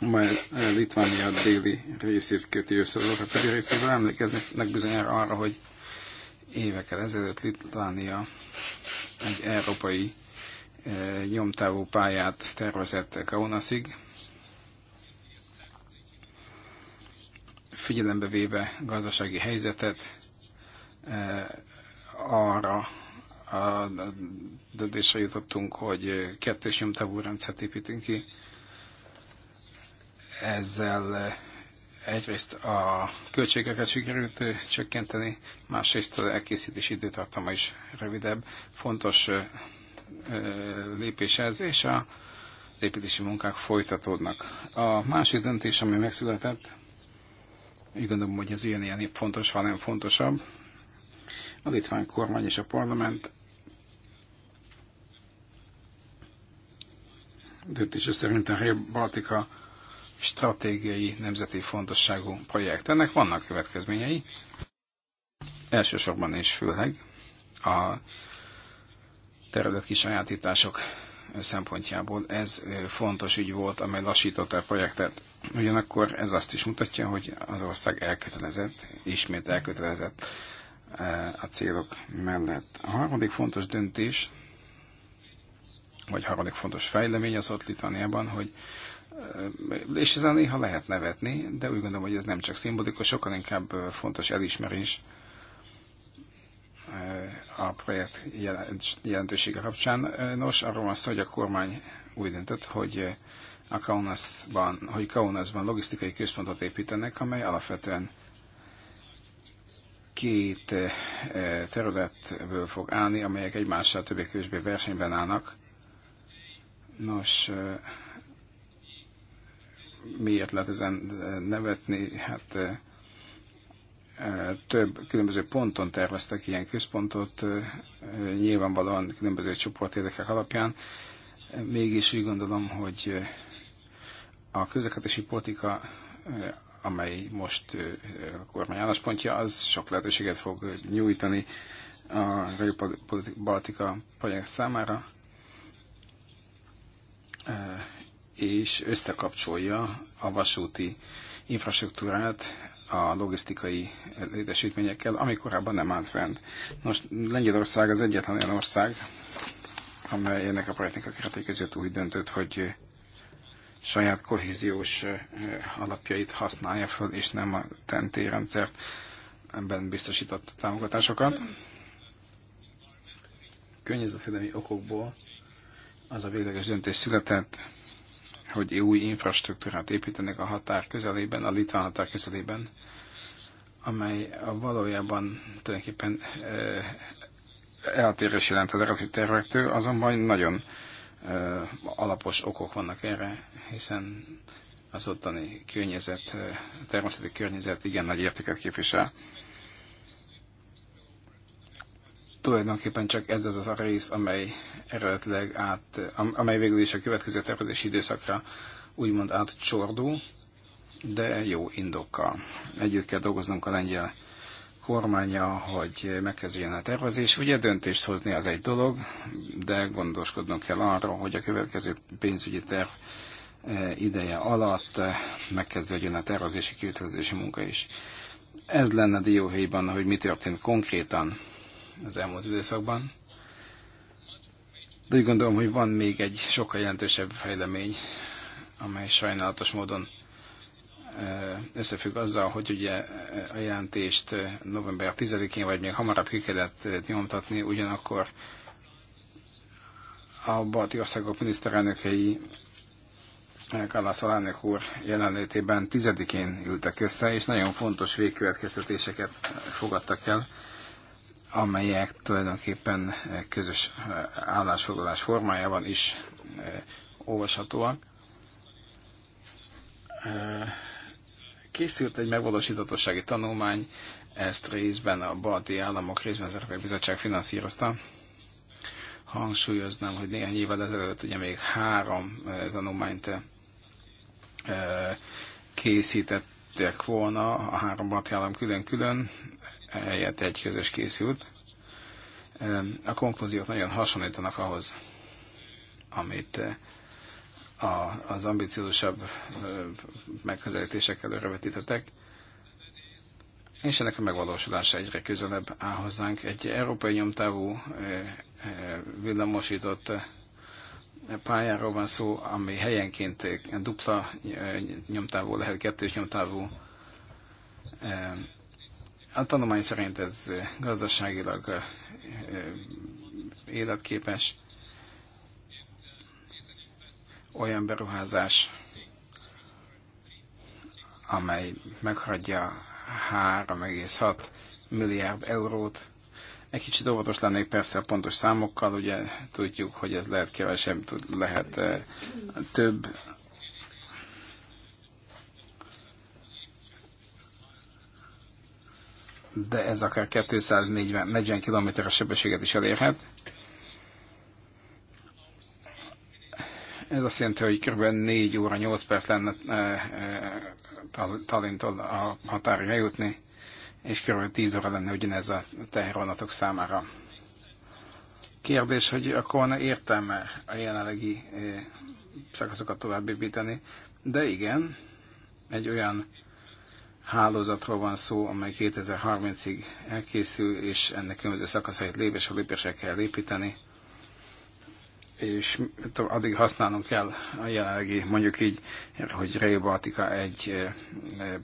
amely eh, Litvánia déli részét köti össze az ország többi részével. Emlékeznek bizonyára arra, hogy évekkel ezelőtt Litvánia egy európai e, nyomtávú pályát tervezett Kaunasig, figyelembe véve gazdasági helyzetet, e, arra a döntésre jutottunk, hogy kettős nyomtávú rendszert építünk ki, ezzel eh, egyrészt a költségeket sikerült eh, csökkenteni, másrészt az elkészítési időtartama is rövidebb. Fontos eh, lépés ez, és a, az építési munkák folytatódnak. A másik döntés, ami megszületett, úgy gondolom, hogy ez ugyanilyen fontos, ha nem fontosabb. A litván kormány és a parlament döntése szerint a Baltika stratégiai, nemzeti fontosságú projekt. Ennek vannak következményei. Elsősorban és főleg a terület kisajátítások szempontjából ez fontos ügy volt, amely lassította a projektet. Ugyanakkor ez azt is mutatja, hogy az ország elkötelezett, ismét elkötelezett a célok mellett. A harmadik fontos döntés, vagy harmadik fontos fejlemény az ott Litvániában, hogy és ezen néha lehet nevetni, de úgy gondolom, hogy ez nem csak szimbolikus, sokkal inkább fontos elismerés a projekt jelentősége kapcsán. Nos, arról van szó, hogy a kormány úgy döntött, hogy a Kaunasban, hogy Kaunasban logisztikai központot építenek, amely alapvetően két területből fog állni, amelyek egymással többé-kevésbé versenyben állnak. Nos, miért lehet ezen eh, nevetni, hát eh, eh, több különböző ponton terveztek ilyen központot, nyilvánvalóan különböző csoport érdekek alapján. Mégis úgy gondolom, hogy a közlekedési politika, amely most a kormány álláspontja, az sok lehetőséget fog nyújtani a Rajó Baltika projekt számára és összekapcsolja a vasúti infrastruktúrát a logisztikai létesítményekkel, ami korábban nem állt fent. Most Lengyelország az egyetlen olyan ország, amely ennek a projektnek a keretei között úgy döntött, hogy saját kohéziós eh, alapjait használja föl, és nem a TNT rendszert ebben biztosított támogatásokat. Környezetvédelmi okokból az a végleges döntés született, hogy új infrastruktúrát építenek a határ közelében, a litván határ közelében, amely a valójában tulajdonképpen eh, eltérés jelent az eredeti tervektől, azonban nagyon eh, alapos okok vannak erre, hiszen az ottani környezet, eh, természeti környezet igen nagy értéket képvisel. tulajdonképpen csak ez az a rész, amely eredetileg át, amely végül is a következő tervezési időszakra úgymond átcsordul, de jó indokkal. Együtt kell dolgoznunk a lengyel kormánya, hogy megkezdjen a tervezés. Ugye döntést hozni az egy dolog, de gondoskodnunk kell arról, hogy a következő pénzügyi terv eh, ideje alatt eh, megkezdődjön a tervezési kivitelezési munka is. Ez lenne dióhéjban, hogy mi történt konkrétan az elmúlt időszakban. De úgy gondolom, hogy van még egy sokkal jelentősebb fejlemény, amely sajnálatos módon összefügg azzal, hogy ugye a jelentést november 10-én, vagy még hamarabb ki kellett nyomtatni, ugyanakkor a balti országok miniszterelnökei Kallász alelnök úr jelenlétében 10-én ültek össze, és nagyon fontos végkövetkeztetéseket fogadtak el amelyek tulajdonképpen eh, közös eh, állásfoglalás formájában is eh, olvashatóak. Készült egy megvalósítatósági tanulmány, ezt részben a balti államok, részben az Európai Bizottság finanszírozta. Hangsúlyoznám, hogy néhány évvel ezelőtt ugye még három tanulmányt készítettek volna a három balti állam külön-külön, helyett egy közös készült. A konklúziók nagyon hasonlítanak ahhoz, amit az ambiciózusabb megközelítésekkel rövetítettek, és ennek a megvalósulása egyre közelebb áll hozzánk. Egy európai nyomtávú villamosított pályáról van szó, ami helyenként dupla nyomtávú lehet, kettős nyomtávú a tanulmány szerint ez gazdaságilag életképes olyan beruházás, amely meghagyja 3,6 milliárd eurót. Egy kicsit óvatos lennék persze a pontos számokkal, ugye tudjuk, hogy ez lehet kevesebb, lehet több, de ez akár 240 km-es sebességet is elérhet. Ez azt jelenti, hogy kb. 4 óra 8 perc lenne eh, eh, Talintól a határig eljutni, és kb. 10 óra lenne ugyanez a tehervonatok számára. Kérdés, hogy akkor van értelme a jelenlegi eh, szakaszokat tovább építeni, de igen, egy olyan hálózatról van szó, amely 2030-ig elkészül, és ennek különböző szakaszait lépésről lépésre kell építeni, és addig használnunk kell a jelenlegi, mondjuk így, hogy Rail Baltica egy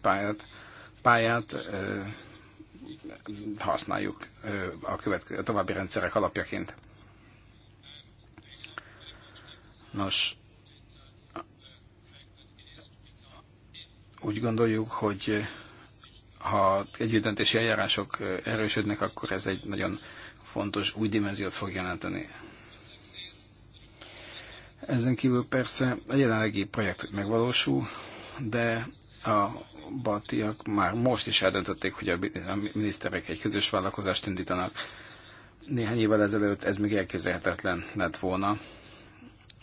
pályát, pályát használjuk a, következő, a további rendszerek alapjaként. Nos, Úgy gondoljuk, hogy eh, ha együttdöntési eljárások eh, erősödnek, akkor ez egy nagyon fontos új dimenziót fog jelenteni. Ezen kívül persze a jelenlegi projekt megvalósul, de a batiak már most is eldöntötték, hogy a miniszterek egy közös vállalkozást indítanak. Néhány évvel ezelőtt ez még elképzelhetetlen lett volna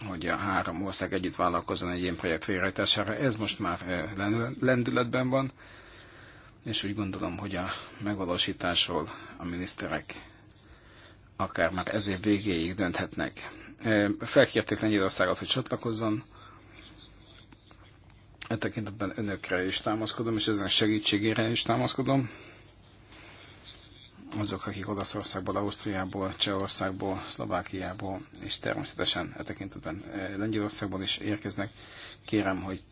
hogy a három ország együtt vállalkozzon egy ilyen projekt végrehajtására. Ez most már eh, lendületben van, és úgy gondolom, hogy a megvalósításról a miniszterek akár már ez év végéig dönthetnek. Eh, felkérték Lengyelországot, hogy csatlakozzon, e tekintetben önökre is támaszkodom, és ezen segítségére is támaszkodom azok, akik Olaszországból, Ausztriából, Csehországból, Szlovákiából és természetesen e tekintetben e, Lengyelországból is érkeznek, kérem, hogy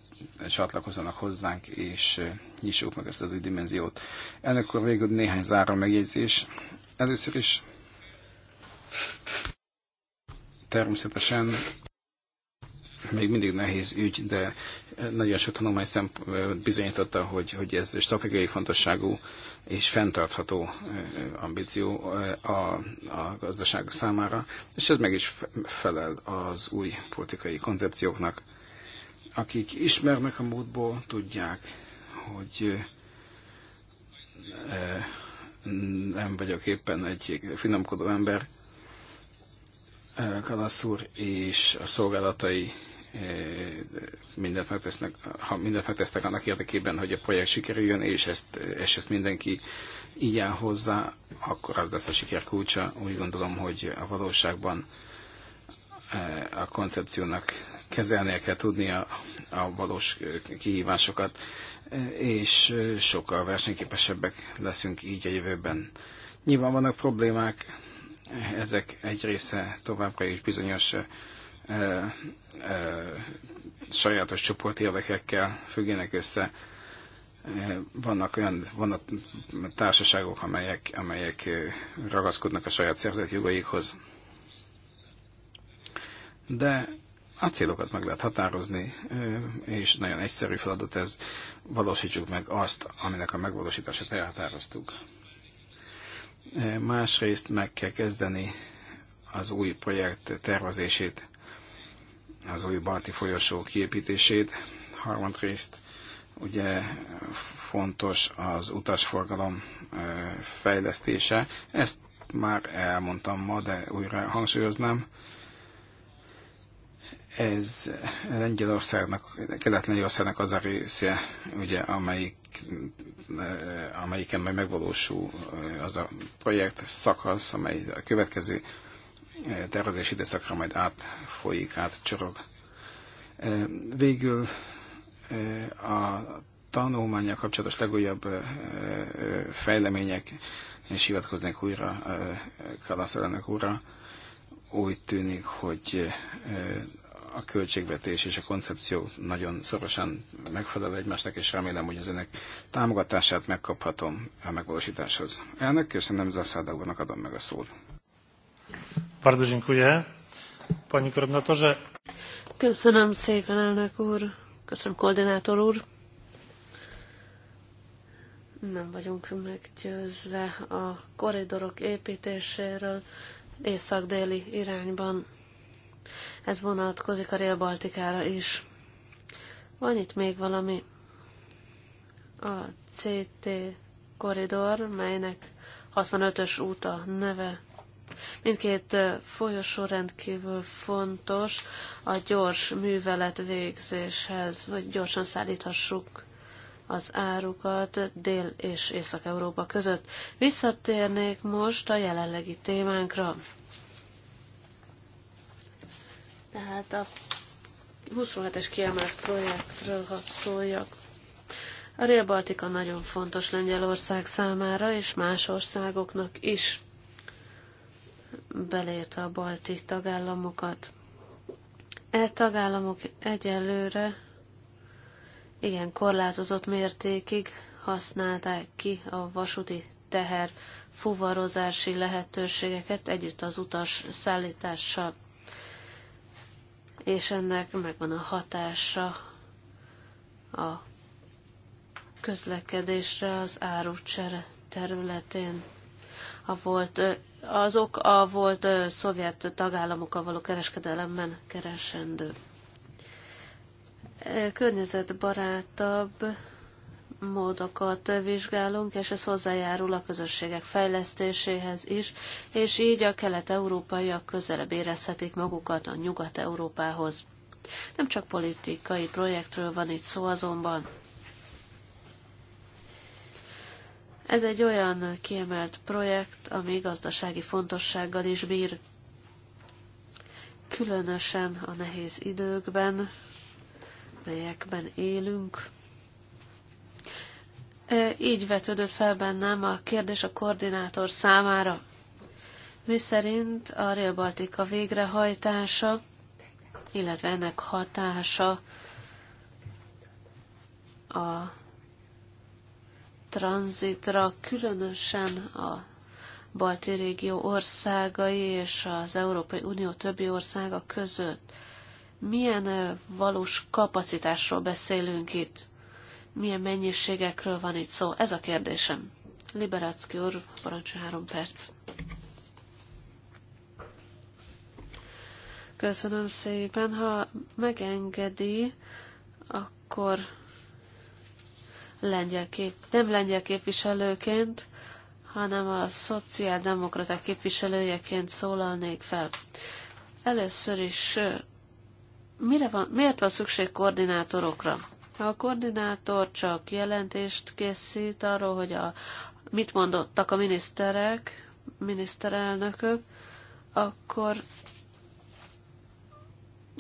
csatlakozzanak hozzánk és e, nyissuk meg ezt az új dimenziót. Ennek a végül néhány záró megjegyzés. Először is természetesen még mindig nehéz ügy, de nagyon sok tanulmány szempont e, bizonyította, hogy, hogy ez stratégiai fontosságú és fenntartható ambíció a, a gazdaság számára, és ez meg is felel az új politikai koncepcióknak. Akik ismernek a módból, tudják, hogy nem vagyok éppen egy finomkodó ember, Kalasz úr és a szolgálatai mindent megtesznek, ha mindent megtesznek annak érdekében, hogy a projekt sikerüljön, és ezt, és ezt mindenki így áll hozzá, akkor az lesz a siker kulcsa. Úgy gondolom, hogy a valóságban e, a koncepciónak kezelnie kell tudnia a valós kihívásokat, e, és sokkal versenyképesebbek leszünk így a jövőben. Nyilván vannak problémák, ezek egy része továbbra is bizonyos e, sajátos érdekekkel függének össze. Vannak olyan vannak társaságok, amelyek, amelyek ragaszkodnak a saját szerzett jogaikhoz. De a célokat meg lehet határozni, és nagyon egyszerű feladat ez, valósítsuk meg azt, aminek a megvalósítását elhatároztuk. Másrészt meg kell kezdeni az új projekt tervezését, az új balti folyosó kiépítését. Harmadrészt ugye fontos az utasforgalom fejlesztése. Ezt már elmondtam ma, de újra hangsúlyoznám. Ez Lengyelországnak, Kelet-Lengyelországnak az a része, ugye, amelyik, amelyiken majd megvalósul az a projekt szakasz, amely a következő tervezési időszakra majd átfolyik, átcsorog. Végül a tanulmánya kapcsolatos legújabb fejlemények, és hivatkoznék újra Kalasz elnök úrra, úgy tűnik, hogy a költségvetés és a koncepció nagyon szorosan megfelel egymásnak, és remélem, hogy az önök támogatását megkaphatom a megvalósításhoz. Elnök, köszönöm, Zaszáda úrnak adom meg a szót. Bardzo dziękuję. Pani koordynatorze. Köszönöm szépen, elnök úr. Köszönöm, koordinátor úr. Nem vagyunk meggyőzve a koridorok építéséről észak-déli irányban. Ez vonatkozik a Rail Baltikára is. Van itt még valami a CT koridor, melynek 65-ös út a neve. Mindkét folyosó rendkívül fontos a gyors művelet végzéshez, hogy gyorsan szállíthassuk az árukat Dél- és Észak-Európa között. Visszatérnék most a jelenlegi témánkra. Tehát a 27-es kiemelt projektről hadd szóljak. A Rél Baltika nagyon fontos Lengyelország számára és más országoknak is beleértve a balti tagállamokat. E tagállamok egyelőre igen korlátozott mértékig használták ki a vasúti teher fuvarozási lehetőségeket együtt az utas szállítással. És ennek megvan a hatása a közlekedésre az árucsere területén. A volt azok a volt szovjet tagállamokkal való kereskedelemben keresendő. Környezetbarátabb módokat vizsgálunk, és ez hozzájárul a közösségek fejlesztéséhez is, és így a kelet-európaiak közelebb érezhetik magukat a nyugat-európához. Nem csak politikai projektről van itt szó azonban. Ez egy olyan kiemelt projekt, ami gazdasági fontossággal is bír, különösen a nehéz időkben, melyekben élünk. Így vetődött fel bennem a kérdés a koordinátor számára, mi szerint a Rail Baltica végrehajtása, illetve ennek hatása a tranzitra, különösen a balti régió országai és az Európai Unió többi országa között. Milyen valós kapacitásról beszélünk itt? Milyen mennyiségekről van itt szó? Ez a kérdésem. Liberácki úr, parancsol három perc. Köszönöm szépen. Ha megengedi, akkor lengyel kép, nem lengyel képviselőként, hanem a szociáldemokraták képviselőjeként szólalnék fel. Először is, mire van, miért van szükség koordinátorokra? ha A koordinátor csak jelentést készít arról, hogy a, mit mondottak a miniszterek, miniszterelnökök, akkor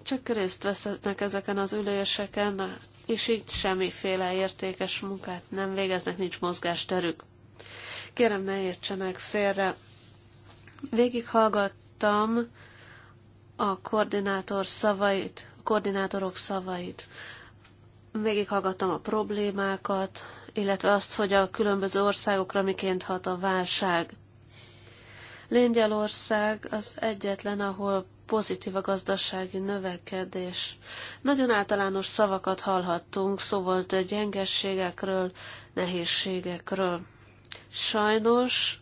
csak részt vesznek ezeken az üléseken, és így semmiféle értékes munkát nem végeznek, nincs mozgásterük. Kérem, ne értsenek meg félre. Végighallgattam a koordinátor szavait, a koordinátorok szavait. Végighallgattam a problémákat, illetve azt, hogy a különböző országokra miként hat a válság. Lengyelország az egyetlen, ahol pozitív a gazdasági növekedés. Nagyon általános szavakat hallhattunk, szó volt gyengességekről, nehézségekről. Sajnos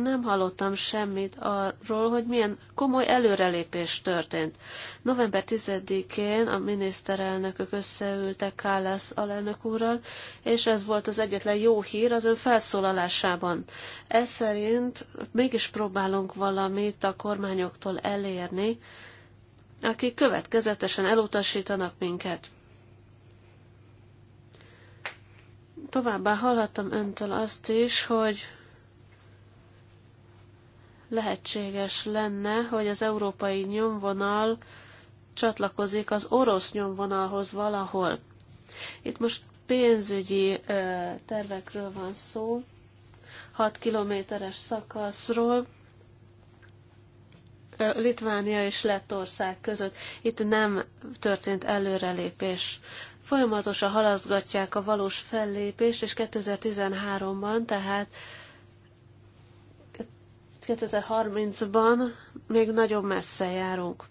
nem hallottam semmit arról, hogy milyen komoly előrelépés történt. November 10-én a miniszterelnökök összeültek Kállász alelnök úrral, és ez volt az egyetlen jó hír az ön felszólalásában. Ez szerint mégis próbálunk valamit a kormányoktól elérni, akik következetesen elutasítanak minket. Továbbá hallhattam öntől azt is, hogy lehetséges lenne, hogy az európai nyomvonal csatlakozik az orosz nyomvonalhoz valahol. Itt most pénzügyi tervekről van szó, 6 kilométeres szakaszról, Litvánia és Lettország között. Itt nem történt előrelépés. Folyamatosan halaszgatják a valós fellépést, és 2013-ban, tehát 2030-ban még nagyon messze járunk.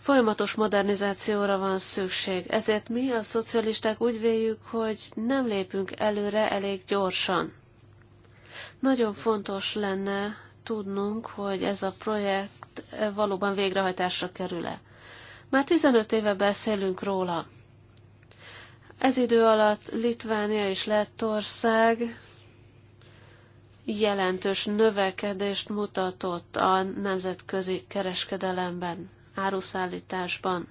Folyamatos modernizációra van szükség, ezért mi a szocialisták úgy véljük, hogy nem lépünk előre elég gyorsan. Nagyon fontos lenne tudnunk, hogy ez a projekt valóban végrehajtásra kerül-e. Már 15 éve beszélünk róla. Ez idő alatt Litvánia és Lettország jelentős növekedést mutatott a nemzetközi kereskedelemben, áruszállításban.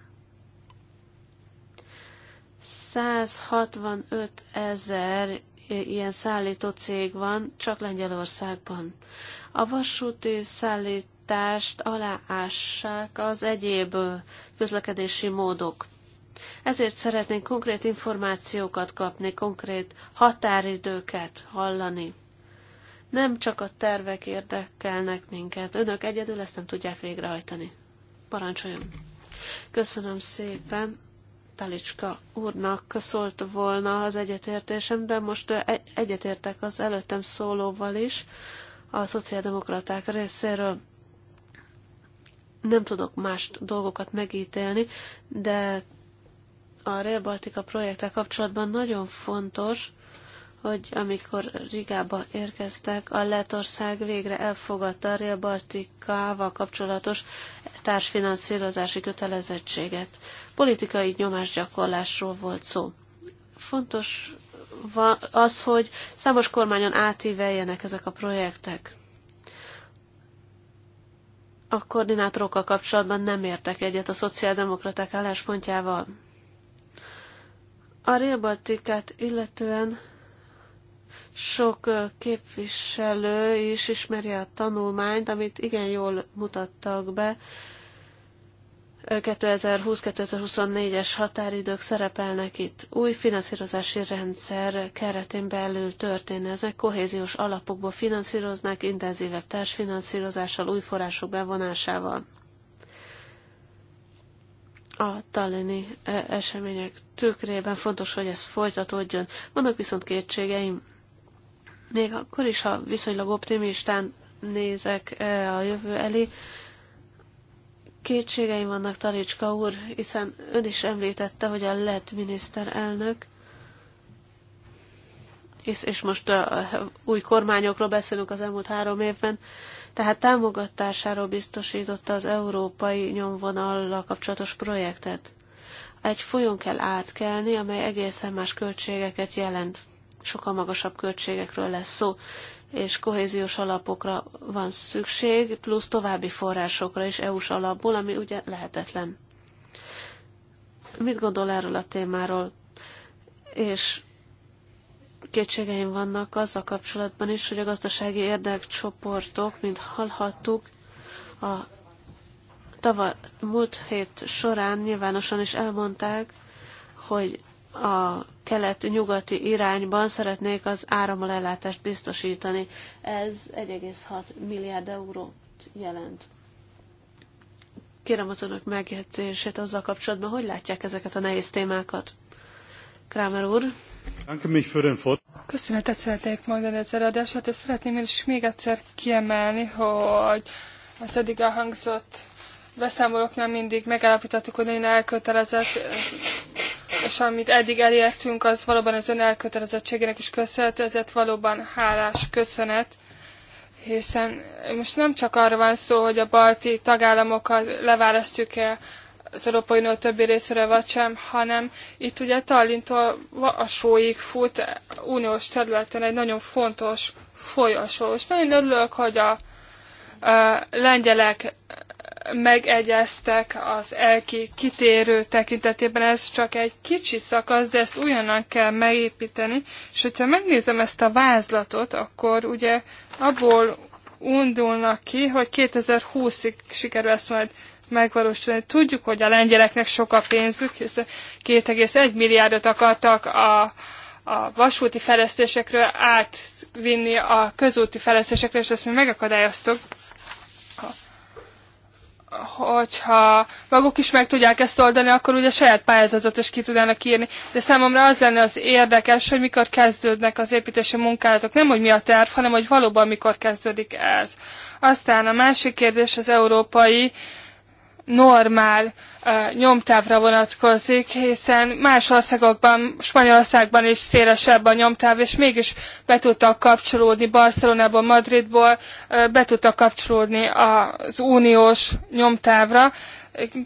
165 ezer ilyen szállító cég van csak Lengyelországban. A vasúti szállítást aláássák az egyéb közlekedési módok. Ezért szeretnénk konkrét információkat kapni, konkrét határidőket hallani. Nem csak a tervek érdekelnek minket. Önök egyedül ezt nem tudják végrehajtani. Parancsoljon! Köszönöm szépen! Talicska úrnak szólt volna az egyetértésem, de most egyetértek az előttem szólóval is a szociáldemokraták részéről. Nem tudok más dolgokat megítélni, de a Rail Baltica projekttel kapcsolatban nagyon fontos, hogy amikor Rigába érkeztek, a Lettország végre elfogadta a Rail Baltikával kapcsolatos társfinanszírozási kötelezettséget. Politikai nyomásgyakorlásról volt szó. Fontos az, hogy számos kormányon átíveljenek ezek a projektek. A koordinátorokkal kapcsolatban nem értek egyet a szociáldemokraták álláspontjával. A Rail Baltikát illetően sok képviselő is ismeri a tanulmányt, amit igen jól mutattak be. 2020-2024-es határidők szerepelnek itt. Új finanszírozási rendszer keretén belül történne, ez meg kohéziós alapokból finanszíroznak, intenzívebb társfinanszírozással, új források bevonásával. A tallini események tükrében fontos, hogy ez folytatódjon. Vannak viszont kétségeim még akkor is, ha viszonylag optimistán nézek eh, a jövő elé, kétségeim vannak Talicska úr, hiszen ön is említette, hogy a lett miniszterelnök, és, és most a eh, új kormányokról beszélünk az elmúlt három évben, tehát támogatásáról biztosította az európai nyomvonallal kapcsolatos projektet. Egy folyón kell átkelni, amely egészen más költségeket jelent sokkal magasabb költségekről lesz szó, és kohéziós alapokra van szükség, plusz további forrásokra is EU-s alapból, ami ugye lehetetlen. Mit gondol erről a témáról? És kétségeim vannak azzal kapcsolatban is, hogy a gazdasági érdekcsoportok, mint hallhattuk, a tavaly múlt hét során nyilvánosan is elmondták, hogy a kelet-nyugati irányban szeretnék az áramelátást biztosítani. Ez 1,6 milliárd eurót jelent. Kérem az önök megjegyzését azzal kapcsolatban, hogy látják ezeket a nehéz témákat. Kramer úr. Köszönetet szeretnék mondani az előadását, és szeretném én is még egyszer kiemelni, hogy az eddig elhangzott beszámolóknál mindig megállapítottuk, hogy én elkötelezett és amit eddig elértünk, az valóban az ön elkötelezettségének is köszönhető, ezért valóban hálás köszönet, hiszen most nem csak arra van szó, hogy a balti tagállamokat leválasztjuk-e az Európai Unió többi részéről vagy sem, hanem itt ugye Tallintól a sóig fut uniós területen egy nagyon fontos folyosó. És nagyon örülök, hogy a, a lengyelek megegyeztek az elki kitérő tekintetében, ez csak egy kicsi szakasz, de ezt újonnan kell megépíteni, és hogyha megnézem ezt a vázlatot, akkor ugye abból undulnak ki, hogy 2020-ig sikerül ezt majd megvalósítani. Tudjuk, hogy a lengyeleknek sok a pénzük, hiszen 2,1 milliárdot akartak a, a vasúti fejlesztésekről átvinni a közúti fejlesztésekre, és ezt mi megakadályoztuk hogyha maguk is meg tudják ezt oldani, akkor ugye saját pályázatot is ki tudnának írni. De számomra az lenne az érdekes, hogy mikor kezdődnek az építési munkálatok. Nem, hogy mi a terv, hanem hogy valóban mikor kezdődik ez. Aztán a másik kérdés az európai normál uh, nyomtávra vonatkozik, hiszen más országokban, Spanyolországban is szélesebb a nyomtáv, és mégis be tudtak kapcsolódni Barcelonából, Madridból, uh, be tudtak kapcsolódni az uniós nyomtávra.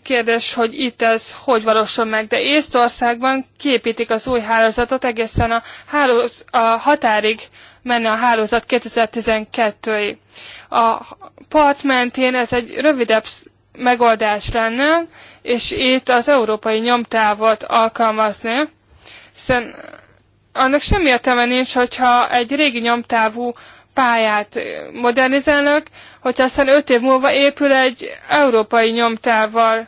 Kérdés, hogy itt ez hogy valósul meg, de Észtországban képítik az új hálózatot egészen a, hálóz, a határig menne a hálózat 2012-ig. A part mentén ez egy rövidebb megoldás lenne, és itt az európai nyomtávot alkalmazni, hiszen annak semmi értelme nincs, hogyha egy régi nyomtávú pályát modernizálnak, hogyha aztán öt év múlva épül egy európai nyomtával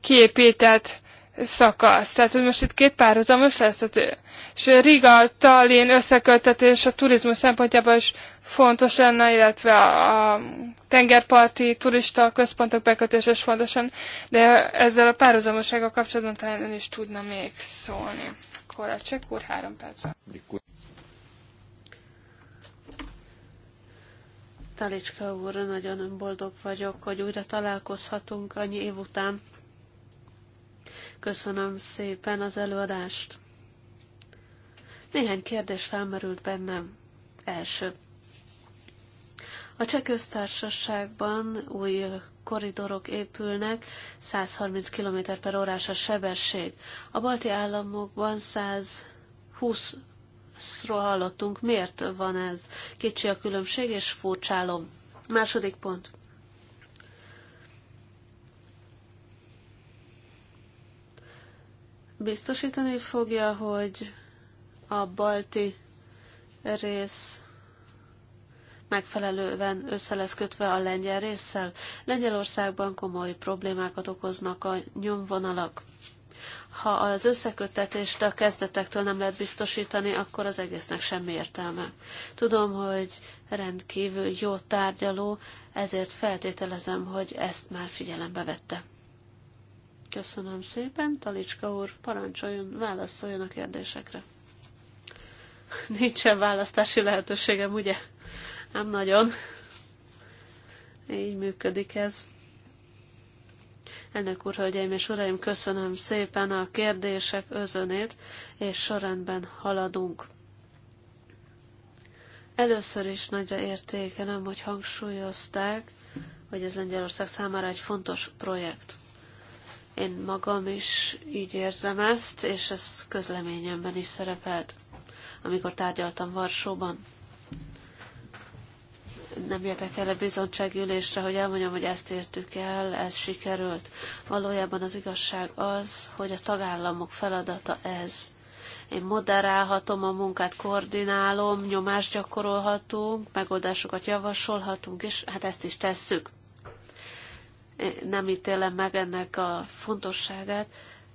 kiépített szakasz. Tehát, hogy most itt két párhuzamos lesz. Tehát, és Riga, Tallinn összeköltetés a turizmus szempontjából is fontos lenne, illetve a, a tengerparti turista központok bekötése is fontosan, de ezzel a párhuzamosággal kapcsolatban talán ön is tudna még szólni. csak úr, három perc. Talicska úr, nagyon boldog vagyok, hogy újra találkozhatunk annyi év után. Köszönöm szépen az előadást. Néhány kérdés felmerült bennem. Első. A cseh köztársaságban új koridorok épülnek, 130 km per órás a sebesség. A balti államokban 120 ról hallottunk. Miért van ez? Kicsi a különbség, és furcsálom. Második pont. Biztosítani fogja, hogy a balti rész megfelelően össze lesz kötve a lengyel résszel. Lengyelországban komoly problémákat okoznak a nyomvonalak. Ha az összeköttetést a kezdetektől nem lehet biztosítani, akkor az egésznek semmi értelme. Tudom, hogy rendkívül jó tárgyaló, ezért feltételezem, hogy ezt már figyelembe vette. Köszönöm szépen, Talicska úr, parancsoljon, válaszoljon a kérdésekre. Nincsen választási lehetőségem, ugye? Nem nagyon. Így működik ez. Ennek úr, hölgyeim és uraim, köszönöm szépen a kérdések özönét, és sorrendben haladunk. Először is nagyra értékelem, hogy hangsúlyozták, hogy ez Lengyelország számára egy fontos projekt. Én magam is így érzem ezt, és ez közleményemben is szerepelt, amikor tárgyaltam Varsóban nem jöttek el a bizottsági ülésre, hogy elmondjam, hogy ezt értük el, ez sikerült. Valójában az igazság az, hogy a tagállamok feladata ez. Én moderálhatom a munkát, koordinálom, nyomást gyakorolhatunk, megoldásokat javasolhatunk, és hát ezt is tesszük. Én nem ítélem meg ennek a fontosságát,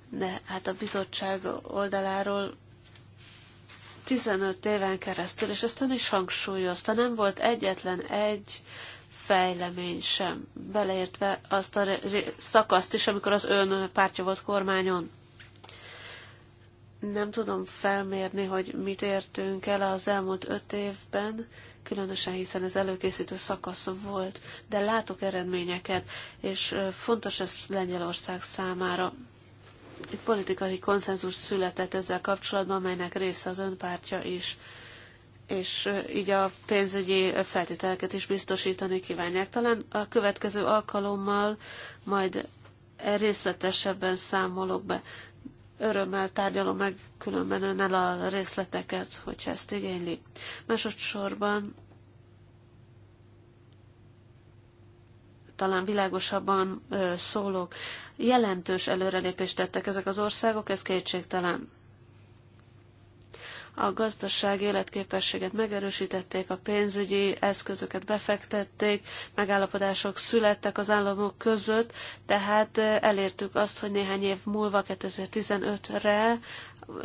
de hát a bizottság oldaláról 15 éven keresztül, és ezt ön is hangsúlyozta, nem volt egyetlen egy fejlemény sem, beleértve azt a szakaszt is, amikor az ön pártja volt kormányon. Nem tudom felmérni, hogy mit értünk el az elmúlt öt évben, különösen hiszen ez előkészítő szakasz volt, de látok eredményeket, és fontos ez Lengyelország számára. Egy politikai konszenzus született ezzel kapcsolatban, melynek része az önpártja is, és így a pénzügyi feltételeket is biztosítani kívánják. Talán a következő alkalommal majd részletesebben számolok be. Örömmel tárgyalom meg különben önnel a részleteket, hogyha ezt igényli. Másodszorban talán világosabban szólok. Jelentős előrelépést tettek ezek az országok, ez kétségtelen. A gazdaság életképességet megerősítették, a pénzügyi eszközöket befektették, megállapodások születtek az államok között, tehát elértük azt, hogy néhány év múlva, 2015-re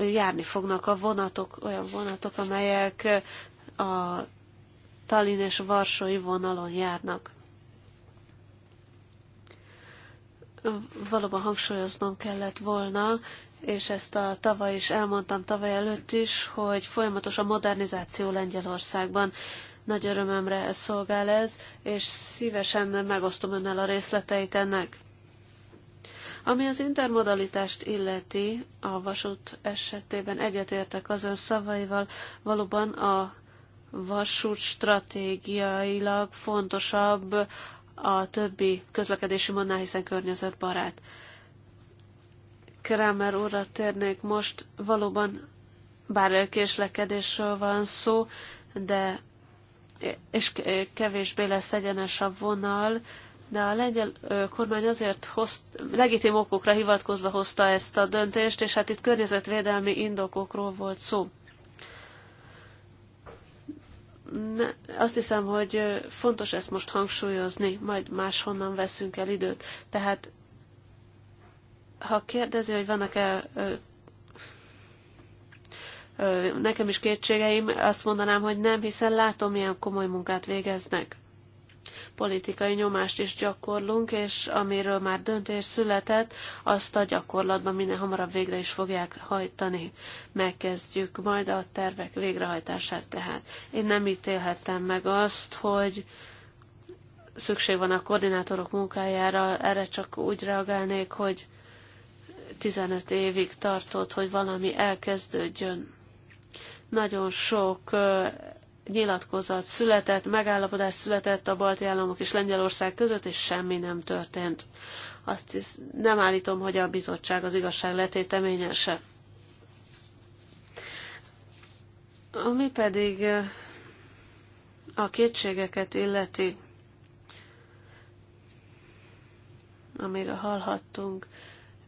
járni fognak a vonatok, olyan vonatok, amelyek a Tallinn és Varsói vonalon járnak. valóban hangsúlyoznom kellett volna, és ezt a tavaly is elmondtam tavaly előtt is, hogy folyamatos a modernizáció Lengyelországban. Nagy örömömre szolgál ez, és szívesen megosztom önnel a részleteit ennek. Ami az intermodalitást illeti, a vasút esetében egyetértek az ön szavaival, valóban a vasút stratégiailag fontosabb a többi közlekedési mondnál, hiszen környezetbarát. Kramer úrra térnék most, valóban bár késlekedésről van szó, de és kevésbé lesz egyenes a vonal, de a lengyel kormány azért hozt, legitim okokra hivatkozva hozta ezt a döntést, és hát itt környezetvédelmi indokokról volt szó ne, azt hiszem, hogy fontos ezt most hangsúlyozni, majd máshonnan veszünk el időt. Tehát, ha kérdezi, hogy vannak-e nekem is kétségeim, azt mondanám, hogy nem, hiszen látom, milyen komoly munkát végeznek politikai nyomást is gyakorlunk, és amiről már döntés született, azt a gyakorlatban minél hamarabb végre is fogják hajtani. Megkezdjük majd a tervek végrehajtását tehát. Én nem ítélhettem meg azt, hogy szükség van a koordinátorok munkájára, erre csak úgy reagálnék, hogy 15 évig tartott, hogy valami elkezdődjön. Nagyon sok nyilatkozat született, megállapodás született a balti államok és Lengyelország között, és semmi nem történt. Azt is nem állítom, hogy a bizottság az igazság letéteményese. Ami pedig eh, a kétségeket illeti, amiről hallhattunk,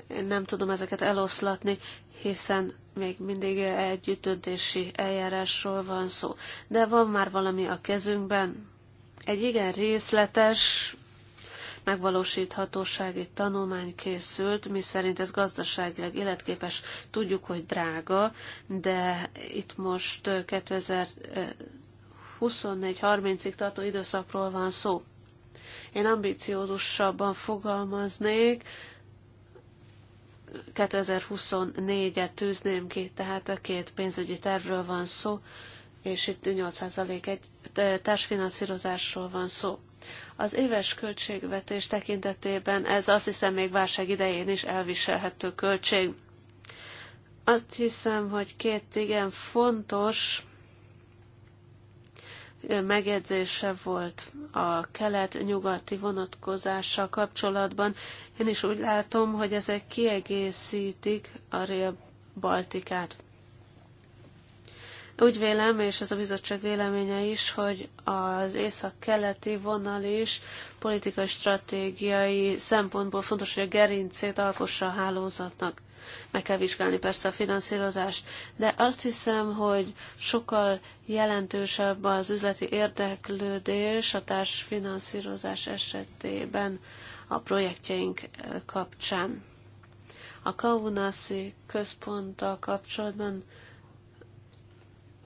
én nem tudom ezeket eloszlatni, hiszen még mindig egy döntési eljárásról van szó. De van már valami a kezünkben, egy igen részletes megvalósíthatósági tanulmány készült, mi szerint ez gazdaságilag életképes, tudjuk, hogy drága, de itt most 2024-30-ig tartó időszakról van szó. Én ambiciózusabban fogalmaznék, 2024-et tűzném ki, tehát a két pénzügyi tervről van szó, és itt 8% egy társfinanszírozásról van szó. Az éves költségvetés tekintetében ez azt hiszem még válság idején is elviselhető költség. Azt hiszem, hogy két igen fontos megjegyzése volt a kelet-nyugati vonatkozással kapcsolatban. Én is úgy látom, hogy ezek kiegészítik a rél Baltikát. Úgy vélem, és ez a bizottság véleménye is, hogy az észak-keleti vonal is politikai, stratégiai szempontból fontos, hogy a gerincét alkossa a hálózatnak. Meg kell vizsgálni persze a finanszírozást, de azt hiszem, hogy sokkal jelentősebb az üzleti érdeklődés a társfinanszírozás esetében a projektjeink kapcsán. A Kaunaszi központtal kapcsolatban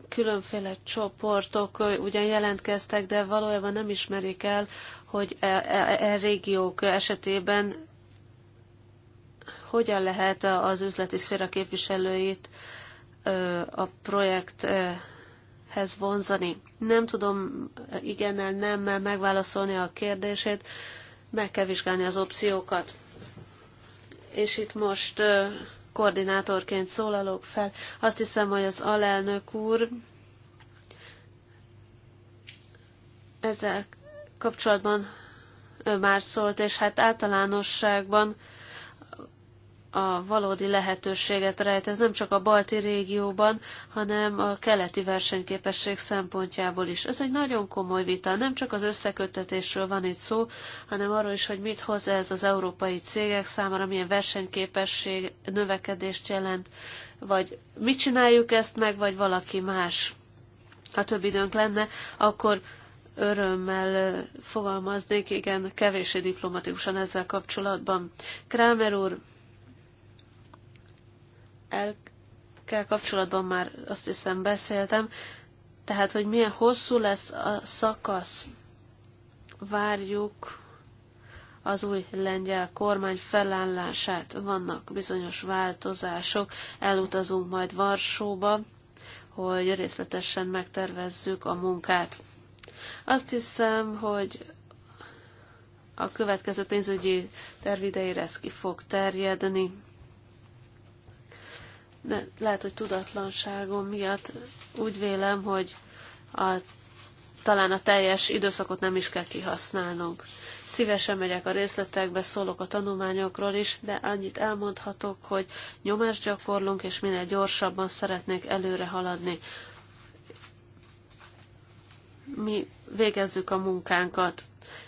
különféle csoportok ugyan jelentkeztek, de valójában nem ismerik el, hogy e, e, e, e régiók esetében hogyan lehet az üzleti szféra képviselőit a projekthez vonzani. Nem tudom igennel, nem megválaszolni a kérdését, meg kell vizsgálni az opciókat. És itt most koordinátorként szólalok fel. Azt hiszem, hogy az alelnök úr ezzel kapcsolatban ő már szólt, és hát általánosságban a valódi lehetőséget rejt. Ez nem csak a balti régióban, hanem a keleti versenyképesség szempontjából is. Ez egy nagyon komoly vita. Nem csak az összekötetésről van itt szó, hanem arról is, hogy mit hoz ez az európai cégek számára, milyen versenyképesség növekedést jelent, vagy mit csináljuk ezt meg, vagy valaki más. Ha több időnk lenne, akkor örömmel fogalmaznék, igen, kevésé diplomatikusan ezzel kapcsolatban. Krámer úr, kell kapcsolatban már azt hiszem beszéltem, tehát, hogy milyen hosszú lesz a szakasz, várjuk az új lengyel kormány felállását. Vannak bizonyos változások, elutazunk majd Varsóba, hogy részletesen megtervezzük a munkát. Azt hiszem, hogy a következő pénzügyi tervidejére ez ki fog terjedni de lehet, hogy tudatlanságom miatt úgy vélem, hogy a, talán a teljes időszakot nem is kell kihasználnunk. Szívesen megyek a részletekbe, szólok a tanulmányokról is, de annyit elmondhatok, hogy nyomást gyakorlunk, és minél gyorsabban szeretnék előre haladni. Mi végezzük a munkánkat.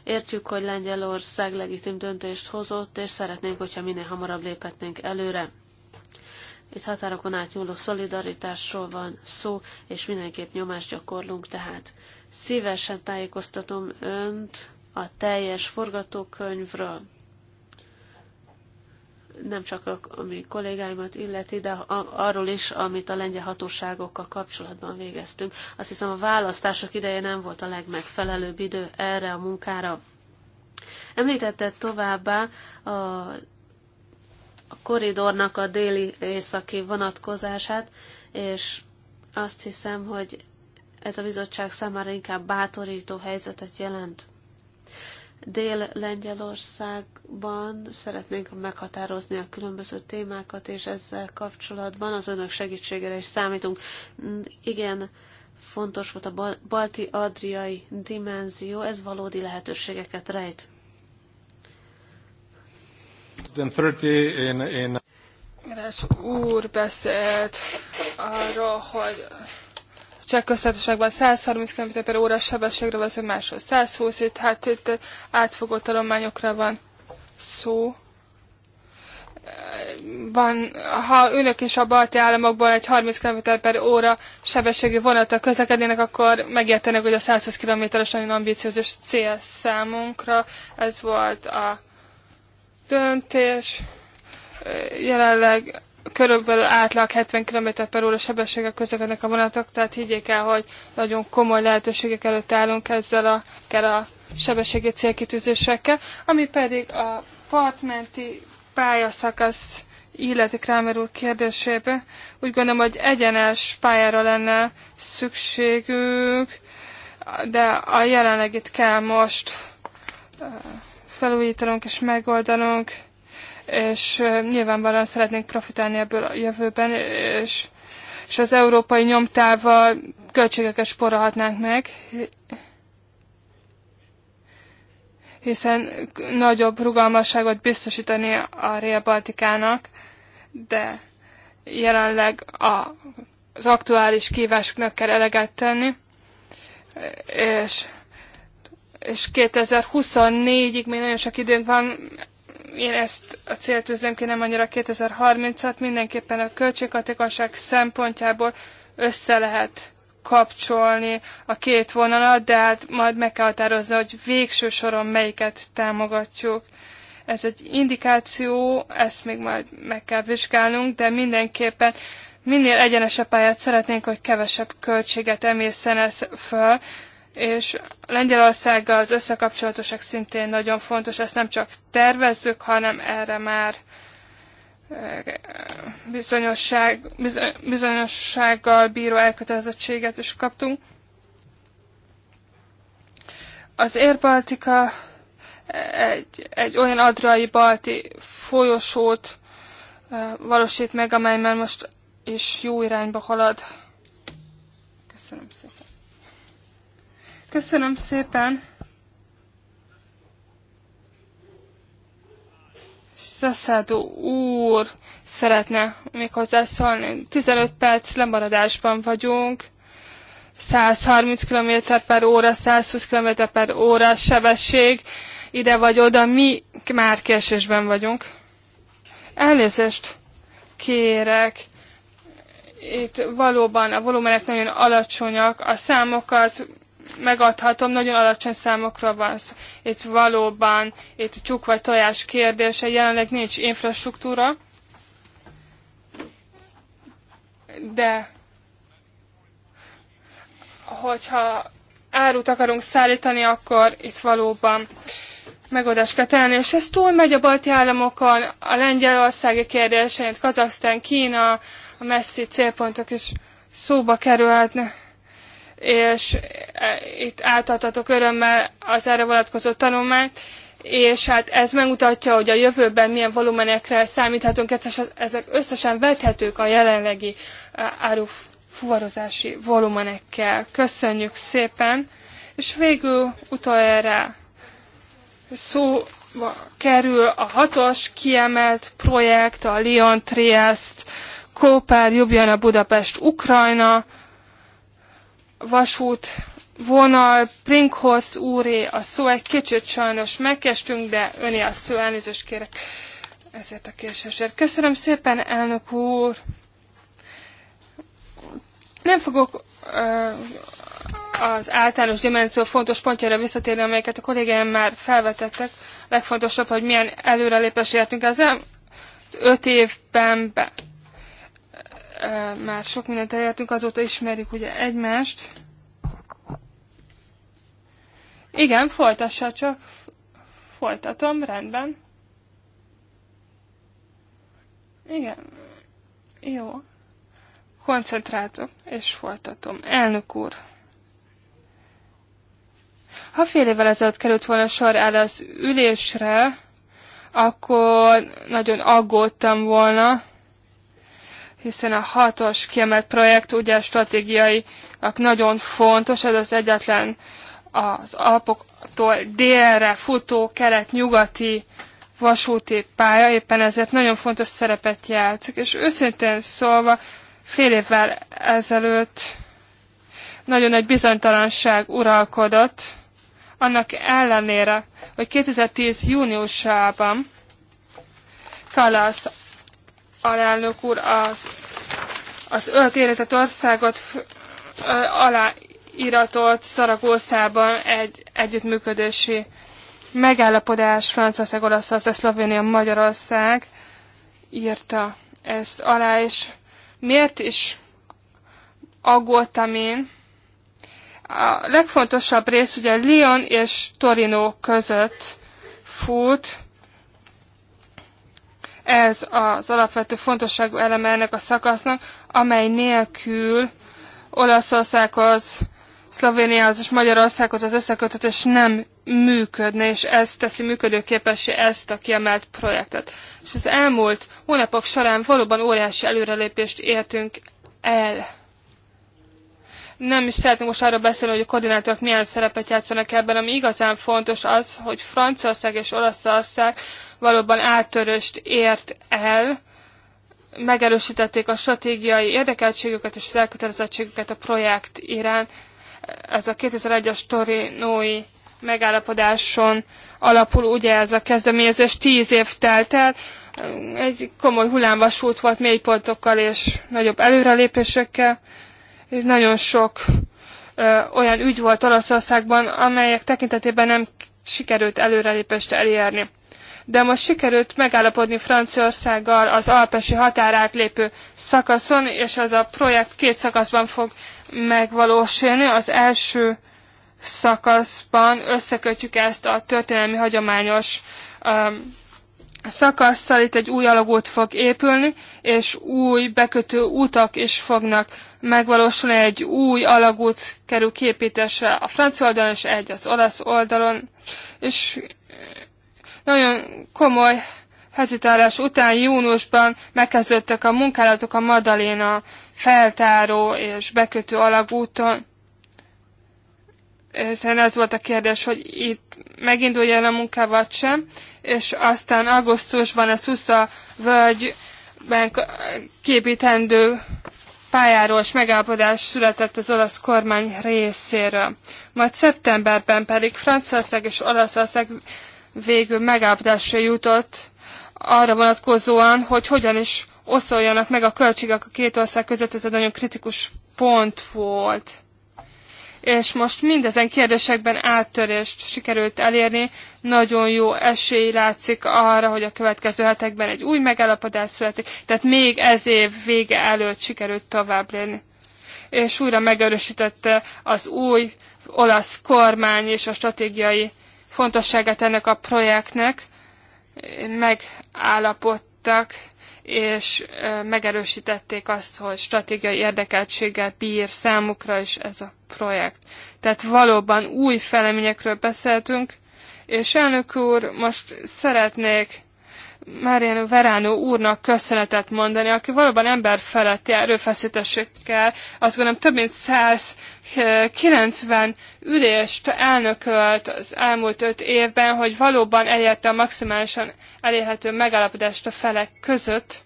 Értjük, hogy Lengyelország legitim döntést hozott, és szeretnénk, hogyha minél hamarabb léphetnénk előre. Itt határokon átnyúló szolidaritásról van szó, és mindenképp nyomást gyakorlunk, tehát szívesen tájékoztatom önt a teljes forgatókönyvről, nem csak a, a mi kollégáimat illeti, de a, arról is, amit a lengyel hatóságokkal kapcsolatban végeztünk. Azt hiszem a választások ideje nem volt a legmegfelelőbb idő erre a munkára. Említette továbbá a a koridornak a déli északi vonatkozását, és azt hiszem, hogy ez a bizottság számára inkább bátorító helyzetet jelent. Dél-Lengyelországban szeretnénk meghatározni a különböző témákat, és ezzel kapcsolatban az önök segítségére is számítunk. Mm, igen, fontos volt a balti-adriai dimenzió, ez valódi lehetőségeket rejt. In, úr beszélt arról, hogy csak köztársaságban 130 km per óra sebességre vezet máshol 120, itt hát itt átfogó tanulmányokra van szó. Van, ha önök is a balti államokban egy 30 km per óra sebességű vonattal közlekednének, akkor megértenek, hogy a 120 km-es nagyon ambiciózus cél számunkra. Ez volt a döntés. Jelenleg körülbelül átlag 70 km per óra sebességgel közlekednek a vonatok, tehát higgyék el, hogy nagyon komoly lehetőségek előtt állunk ezzel a, kell a sebességi célkitűzésekkel, ami pedig a partmenti pályaszakaszt illeti Kramer úr kérdésébe. Úgy gondolom, hogy egyenes pályára lenne szükségük, de a jelenlegit kell most felújítanunk és megoldanunk, és nyilvánvalóan szeretnénk profitálni ebből a jövőben, és, és az európai nyomtával költségeket sporolhatnánk meg, hiszen nagyobb rugalmasságot biztosítani a Rail Baltikának, de jelenleg a, az aktuális kívásoknak kell eleget tenni, és és 2024-ig még nagyon sok időnk van, én ezt a célt üzlem ki nem annyira 2030-at, mindenképpen a költséghatékonyság szempontjából össze lehet kapcsolni a két vonalat, de hát majd meg kell határozni, hogy végső soron melyiket támogatjuk. Ez egy indikáció, ezt még majd meg kell vizsgálnunk, de mindenképpen minél egyenesebb pályát szeretnénk, hogy kevesebb költséget emészen ez föl, és Lengyelországgal az összekapcsolatosak szintén nagyon fontos, ezt nem csak tervezzük, hanem erre már bizonyosság, bizonyossággal bíró elkötelezettséget is kaptunk. Az Érbaltika egy, egy olyan adrai balti folyosót valósít meg, amely már most is jó irányba halad. Köszönöm szépen. Köszönöm szépen. Szaszádó úr szeretne még hozzászólni. 15 perc lemaradásban vagyunk. 130 km per óra, 120 km per óra sebesség, ide vagy oda, mi már késésben vagyunk. Elnézést kérek, itt valóban a volumenek nagyon alacsonyak, a számokat megadhatom, nagyon alacsony számokra, van Itt valóban, itt tyúk vagy tojás kérdése, jelenleg nincs infrastruktúra, de hogyha árut akarunk szállítani, akkor itt valóban megoldást kell tenni. és ez túl megy a balti államokon, a lengyelországi kérdéseit, Kazasztán, Kína, a messzi célpontok is szóba kerülhetnek és e, itt átadhatok örömmel az erre vonatkozó tanulmányt, és hát ez megmutatja, hogy a jövőben milyen volumenekre számíthatunk, ezek összesen vethetők a jelenlegi e, árufuvarozási volumenekkel. Köszönjük szépen! És végül utoljára szó kerül a hatos kiemelt projekt, a Lyon Trieste, Kópár, Jubjana, Budapest, Ukrajna, vasút vonal, Brinkhoff úré a szó, egy kicsit sajnos megkestünk, de öné a szó, elnézést kérek ezért a késésért. Köszönöm szépen, elnök úr! Nem fogok az általános dimenzió fontos pontjára visszatérni, amelyeket a kollégáim már felvetettek. Legfontosabb, hogy milyen előrelépés értünk az öt évben be már sok mindent elértünk, azóta ismerjük ugye egymást. Igen, folytassa csak. Folytatom, rendben. Igen. Jó. Koncentráltok, és folytatom. Elnök úr. Ha fél évvel ezelőtt került volna sor el az ülésre, akkor nagyon aggódtam volna, hiszen a hatos kiemelt projekt ugye stratégiaiak nagyon fontos, ez az egyetlen az Alpoktól délre futó kelet-nyugati vasúti pálya, éppen ezért nagyon fontos szerepet játszik, és őszintén szólva fél évvel ezelőtt nagyon nagy bizonytalanság uralkodott, annak ellenére, hogy 2010 júniusában Kalasz alelnök úr az, az öt országot aláiratott Szaragószában egy együttműködési megállapodás Franciaország, Olaszország, Szlovénia, Magyarország írta ezt alá, és miért is aggódtam én? A legfontosabb rész ugye Lyon és Torino között fut, ez az alapvető fontosságú eleme ennek a szakasznak, amely nélkül Olaszországhoz, Szlovéniához és Magyarországhoz az összekötetés nem működne, és ez teszi működőképessé ezt a kiemelt projektet. És az elmúlt hónapok során valóban óriási előrelépést értünk el nem is szeretnék most arra beszélni, hogy a koordinátorok milyen szerepet játszanak ebben, ami igazán fontos az, hogy Franciaország és Olaszország valóban áttöröst ért el, megerősítették a stratégiai érdekeltségüket és az elkötelezettségüket a projekt irán. Ez a 2001-es torinói megállapodáson alapul ugye ez a kezdeményezés, tíz év telt el, egy komoly hullámvasút volt mélypontokkal és nagyobb előrelépésekkel. Nagyon sok ö, olyan ügy volt Olaszországban, amelyek tekintetében nem sikerült előrelépést elérni. De most sikerült megállapodni Franciaországgal az alpesi határátlépő szakaszon, és az a projekt két szakaszban fog megvalósulni. Az első szakaszban összekötjük ezt a történelmi hagyományos um, szakasszal, itt egy új alagút fog épülni, és új bekötő utak is fognak megvalósul egy új alagút kerül képítése a francia oldalon, és egy az olasz oldalon, és eh, nagyon komoly hezitálás után júniusban megkezdődtek a munkálatok a Madaléna feltáró és bekötő alagúton. Hiszen ez volt a kérdés, hogy itt meginduljon a munka vagy sem, és aztán augusztusban a Szusza völgyben képítendő eh, pályáról és megállapodás született az olasz kormány részéről. Majd szeptemberben pedig Franciaország és Olaszország végül megállapodásra jutott arra vonatkozóan, hogy hogyan is oszoljanak meg a költségek a két ország között, ez egy nagyon kritikus pont volt és most mindezen kérdésekben áttörést sikerült elérni. Nagyon jó esély látszik arra, hogy a következő hetekben egy új megállapodás születik, tehát még ez év vége előtt sikerült tovább lenni. És újra megerősítette az új olasz kormány és a stratégiai fontosságát ennek a projektnek. Megállapodtak és megerősítették azt, hogy stratégiai érdekeltséggel bír számukra is ez a projekt. Tehát valóban új feleményekről beszéltünk, és elnök úr, most szeretnék Márján Veránó úrnak köszönetet mondani, aki valóban ember feletti erőfeszítésekkel, azt gondolom több mint 190 eh, ülést elnökölt az elmúlt öt évben, hogy valóban elérte a maximálisan elérhető megállapodást a felek között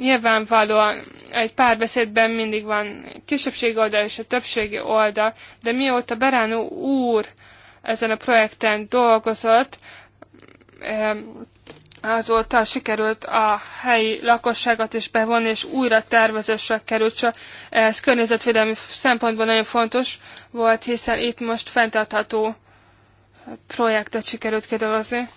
Nyilvánvalóan egy párbeszédben mindig van kisebbségi oldal és a többségi oldal, de mióta Beránó úr ezen a projekten dolgozott, azóta sikerült a helyi lakosságot is bevonni, és újra tervezésre került, csak ez környezetvédelmi szempontból nagyon fontos volt, hiszen itt most fenntartható projektet sikerült kidolgozni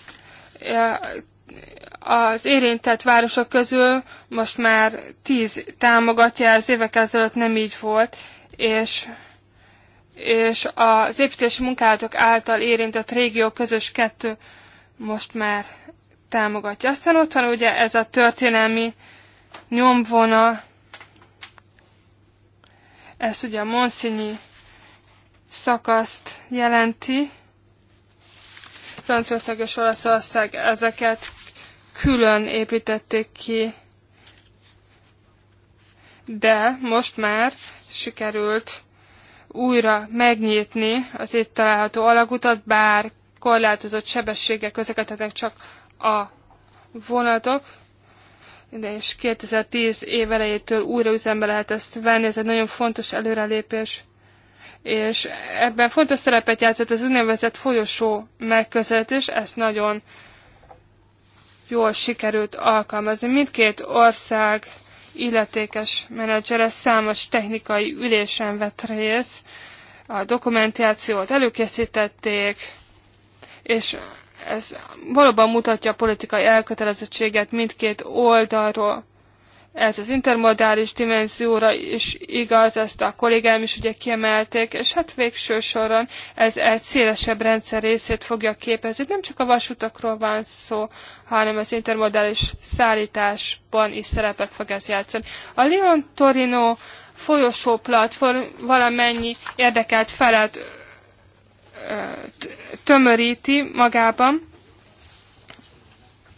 az érintett városok közül most már tíz támogatja, az évek ezelőtt nem így volt, és, és az építési munkálatok által érintett régió közös kettő most már támogatja. Aztán ott van ugye ez a történelmi nyomvona, ez ugye a Monszínyi szakaszt jelenti, Franciaország és Olaszország ezeket külön építették ki, de most már sikerült újra megnyitni az itt található alagutat, bár korlátozott sebességgel közlekedhetnek csak a vonatok, de és 2010 év elejétől újra üzembe lehet ezt venni, ez egy nagyon fontos előrelépés és ebben fontos szerepet játszott az úgynevezett folyosó megközelítés, ezt nagyon jól sikerült alkalmazni. Mindkét ország illetékes menedzsere számos technikai ülésen vett részt, a dokumentációt előkészítették, és ez valóban mutatja a politikai elkötelezettséget mindkét oldalról ez az intermodális dimenzióra is igaz, ezt a kollégám is ugye kiemelték, és hát végső soron ez egy szélesebb rendszer részét fogja képezni. Nem csak a vasutakról van szó, hanem az intermodális szállításban is szerepet fog ez játszani. A Lyon Torino folyosó platform valamennyi érdekelt felet tömöríti magában,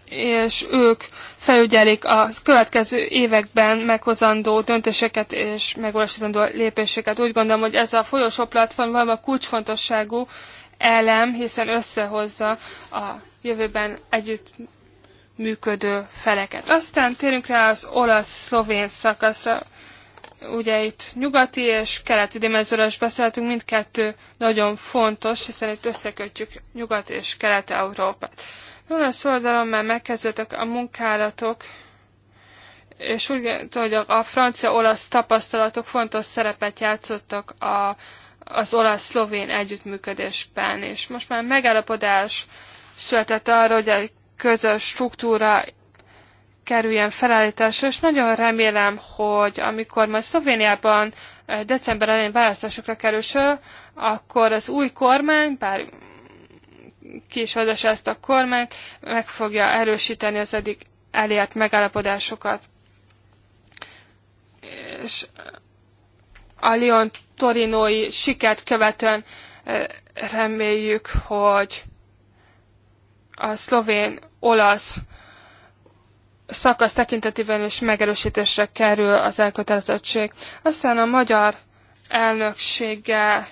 és ők felügyelik a következő években meghozandó döntéseket és megvalósítandó lépéseket. Úgy gondolom, hogy ez a folyosó platform valami kulcsfontosságú elem, hiszen összehozza a jövőben együtt működő feleket. Aztán térünk rá az olasz-szlovén szakaszra. Ugye itt nyugati és keleti dimenzióra is beszéltünk, mindkettő nagyon fontos, hiszen itt összekötjük nyugat és kelet-európát. Olasz oldalon már megkezdődtek a munkálatok, és úgy hogy a francia-olasz tapasztalatok fontos szerepet játszottak a, az olasz-szlovén együttműködésben, és most már megállapodás született arra, hogy egy közös struktúra kerüljen felállításra, és nagyon remélem, hogy amikor majd Szlovéniában eh, december elején választásokra kerül akkor az új kormány, bár ki is ezt a kormányt, meg fogja erősíteni az eddig elért megállapodásokat. És a Lyon torinói sikert követően reméljük, hogy a szlovén-olasz szakasz tekintetében is megerősítésre kerül az elkötelezettség. Aztán a magyar elnökséggel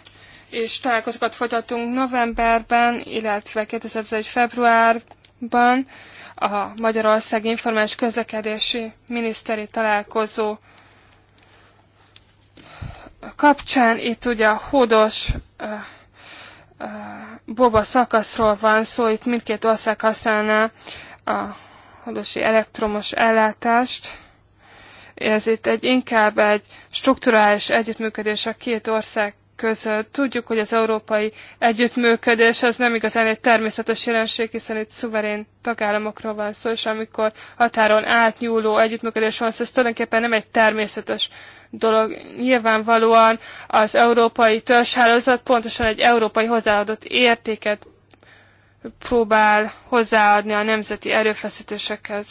és találkozókat folytatunk novemberben, illetve 2001 februárban a Magyarország Informális Közlekedési Miniszteri Találkozó kapcsán. Itt ugye a hódos uh, uh, boba szakaszról van szó, itt mindkét ország használná a hódosi elektromos ellátást ez itt egy inkább egy strukturális együttműködés a két ország között. Tudjuk, hogy az európai együttműködés az nem igazán egy természetes jelenség, hiszen itt szuverén tagállamokról van szó, és amikor határon átnyúló együttműködés van szó, ez tulajdonképpen nem egy természetes dolog. Nyilvánvalóan az európai törzshálózat pontosan egy európai hozzáadott értéket próbál hozzáadni a nemzeti erőfeszítésekhez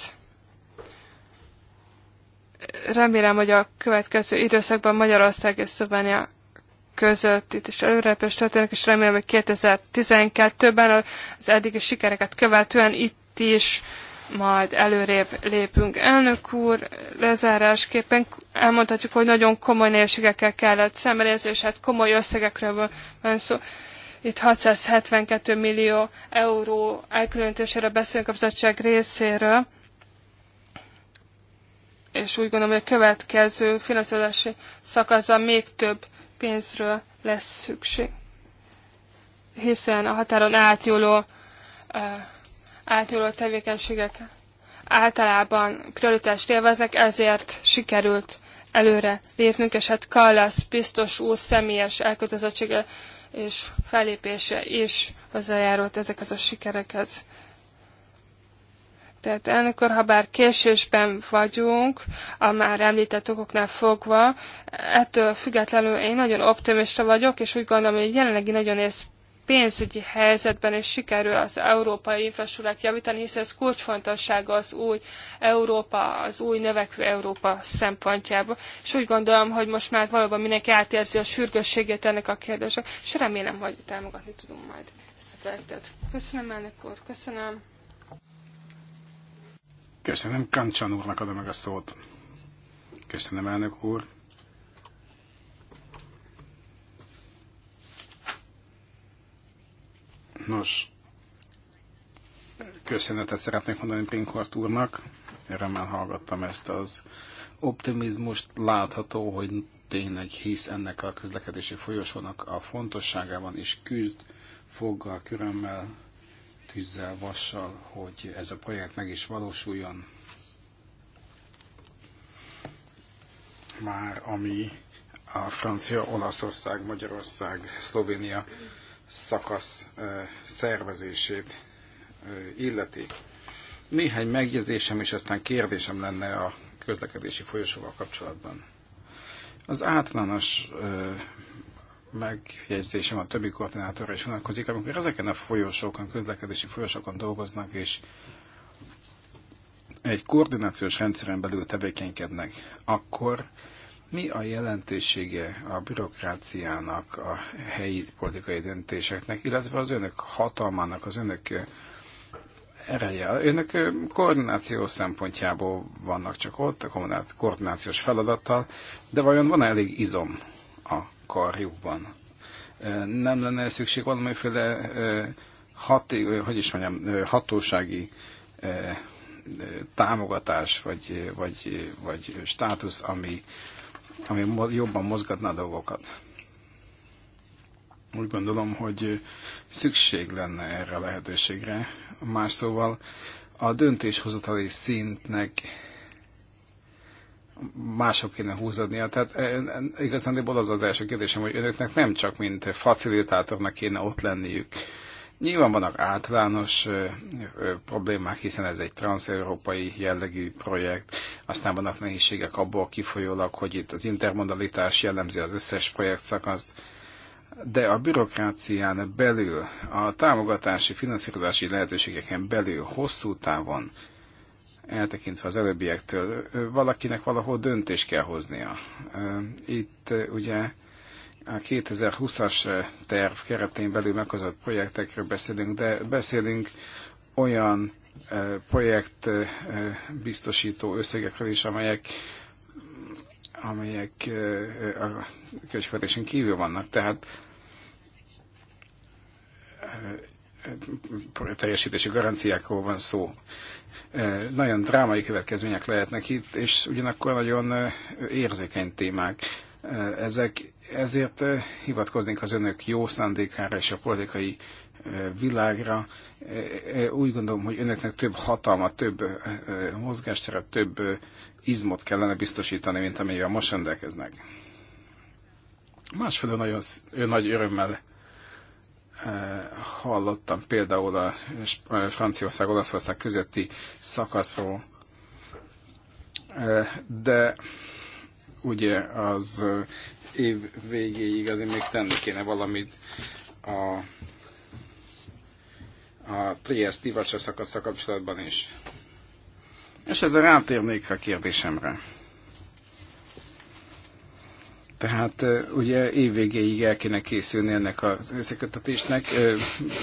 remélem, hogy a következő időszakban Magyarország és Szlovénia között itt is előrelépés történik, és remélem, hogy 2012-ben az eddigi sikereket követően itt is majd előrébb lépünk. Elnök úr, lezárásképpen elmondhatjuk, hogy nagyon komoly nélségekkel kellett szemelézni, és hát komoly összegekről van szó. Itt 672 millió euró elkülönítésére beszélünk a bizottság részéről, és úgy gondolom, hogy a következő finanszírozási szakaszban még több pénzről lesz szükség. Hiszen a határon átnyúló, átnyúló tevékenységek általában prioritást élveznek, ezért sikerült előre lépnünk, és hát Kallasz biztos úr személyes elkötelezettsége és fellépése is hozzájárult ezekhez a sikerekhez. Tehát elnök úr, ha bár késősben vagyunk, a már említett okoknál fogva, ettől függetlenül én nagyon optimista vagyok, és úgy gondolom, hogy jelenlegi nagyon ész pénzügyi helyzetben is sikerül az európai infrastruktúrát javítani, hiszen ez kulcsfontossága az új Európa, az új növekvő Európa szempontjából. És úgy gondolom, hogy most már valóban mindenki átérzi a sürgősségét ennek a kérdésnek, és remélem, hogy támogatni tudunk majd ezt a projektet. Köszönöm, elnök úr, köszönöm. Köszönöm, Kancsan úrnak adom meg a szót. Köszönöm, elnök úr. Nos, köszönetet szeretnék mondani Pinkhart úrnak. Örömmel hallgattam ezt az optimizmust. Látható, hogy tényleg hisz ennek a közlekedési folyosónak a fontosságában, és küzd foggal, körömmel tűzzel, vassal, hogy ez a projekt meg is valósuljon. Már ami a Francia, Olaszország, Magyarország, Szlovénia szakasz szervezését illeti. Néhány megjegyzésem és aztán kérdésem lenne a közlekedési folyosóval kapcsolatban. Az általános megjegyzésem a többi koordinátorra is vonatkozik, amikor ezeken a folyosókon, közlekedési folyosókon dolgoznak, és egy koordinációs rendszeren belül tevékenykednek, akkor mi a jelentősége a bürokráciának, a helyi politikai döntéseknek, illetve az önök hatalmának, az önök eh, ereje? Önök eh, koordináció szempontjából vannak csak ott, a koordinációs feladattal, de vajon van -e elég izom karjukban. Nem lenne szükség valamiféle hat, hogy is mondjam, hatósági támogatás, vagy, vagy, vagy státusz, ami, ami jobban mozgatná a dolgokat. Úgy gondolom, hogy szükség lenne erre a lehetőségre. Más szóval a döntéshozatali szintnek mások kéne húzódnia. Tehát e, e, igazán az az első kérdésem, hogy önöknek nem csak mint facilitátornak kéne ott lenniük. Nyilván vannak általános ö, ö, problémák, hiszen ez egy transeurópai jellegű projekt, aztán vannak nehézségek abból kifolyólag, hogy itt az intermodalitás jellemzi az összes projekt szakaszt, de a bürokrácián belül, a támogatási, finanszírozási lehetőségeken belül hosszú távon eltekintve az előbbiektől, valakinek valahol döntést kell hoznia. Itt ugye a 2020-as terv keretén belül meghozott projektekről beszélünk, de beszélünk olyan projekt biztosító összegekről is, amelyek amelyek a költségvetésen kívül vannak. Tehát teljesítési garanciákról van szó. Eh, nagyon drámai következmények lehetnek itt, és ugyanakkor nagyon eh, érzékeny témák. Eh, ezek, ezért hivatkoznék az önök jó szándékára és a politikai világra. Úgy gondolom, hogy önöknek több hatalma, több mozgástere, több izmot kellene biztosítani, mint amivel most rendelkeznek. Másfelől nagyon nagy örömmel hallottam például a Franciaország-Olaszország közötti szakaszról, de ugye az év végéig azért még tenni kéne valamit a, a Trieste-Ivacsa szakaszra kapcsolatban is. És ezzel rátérnék a kérdésemre. Tehát ugye évvégéig el kéne készülni ennek az összekötetésnek.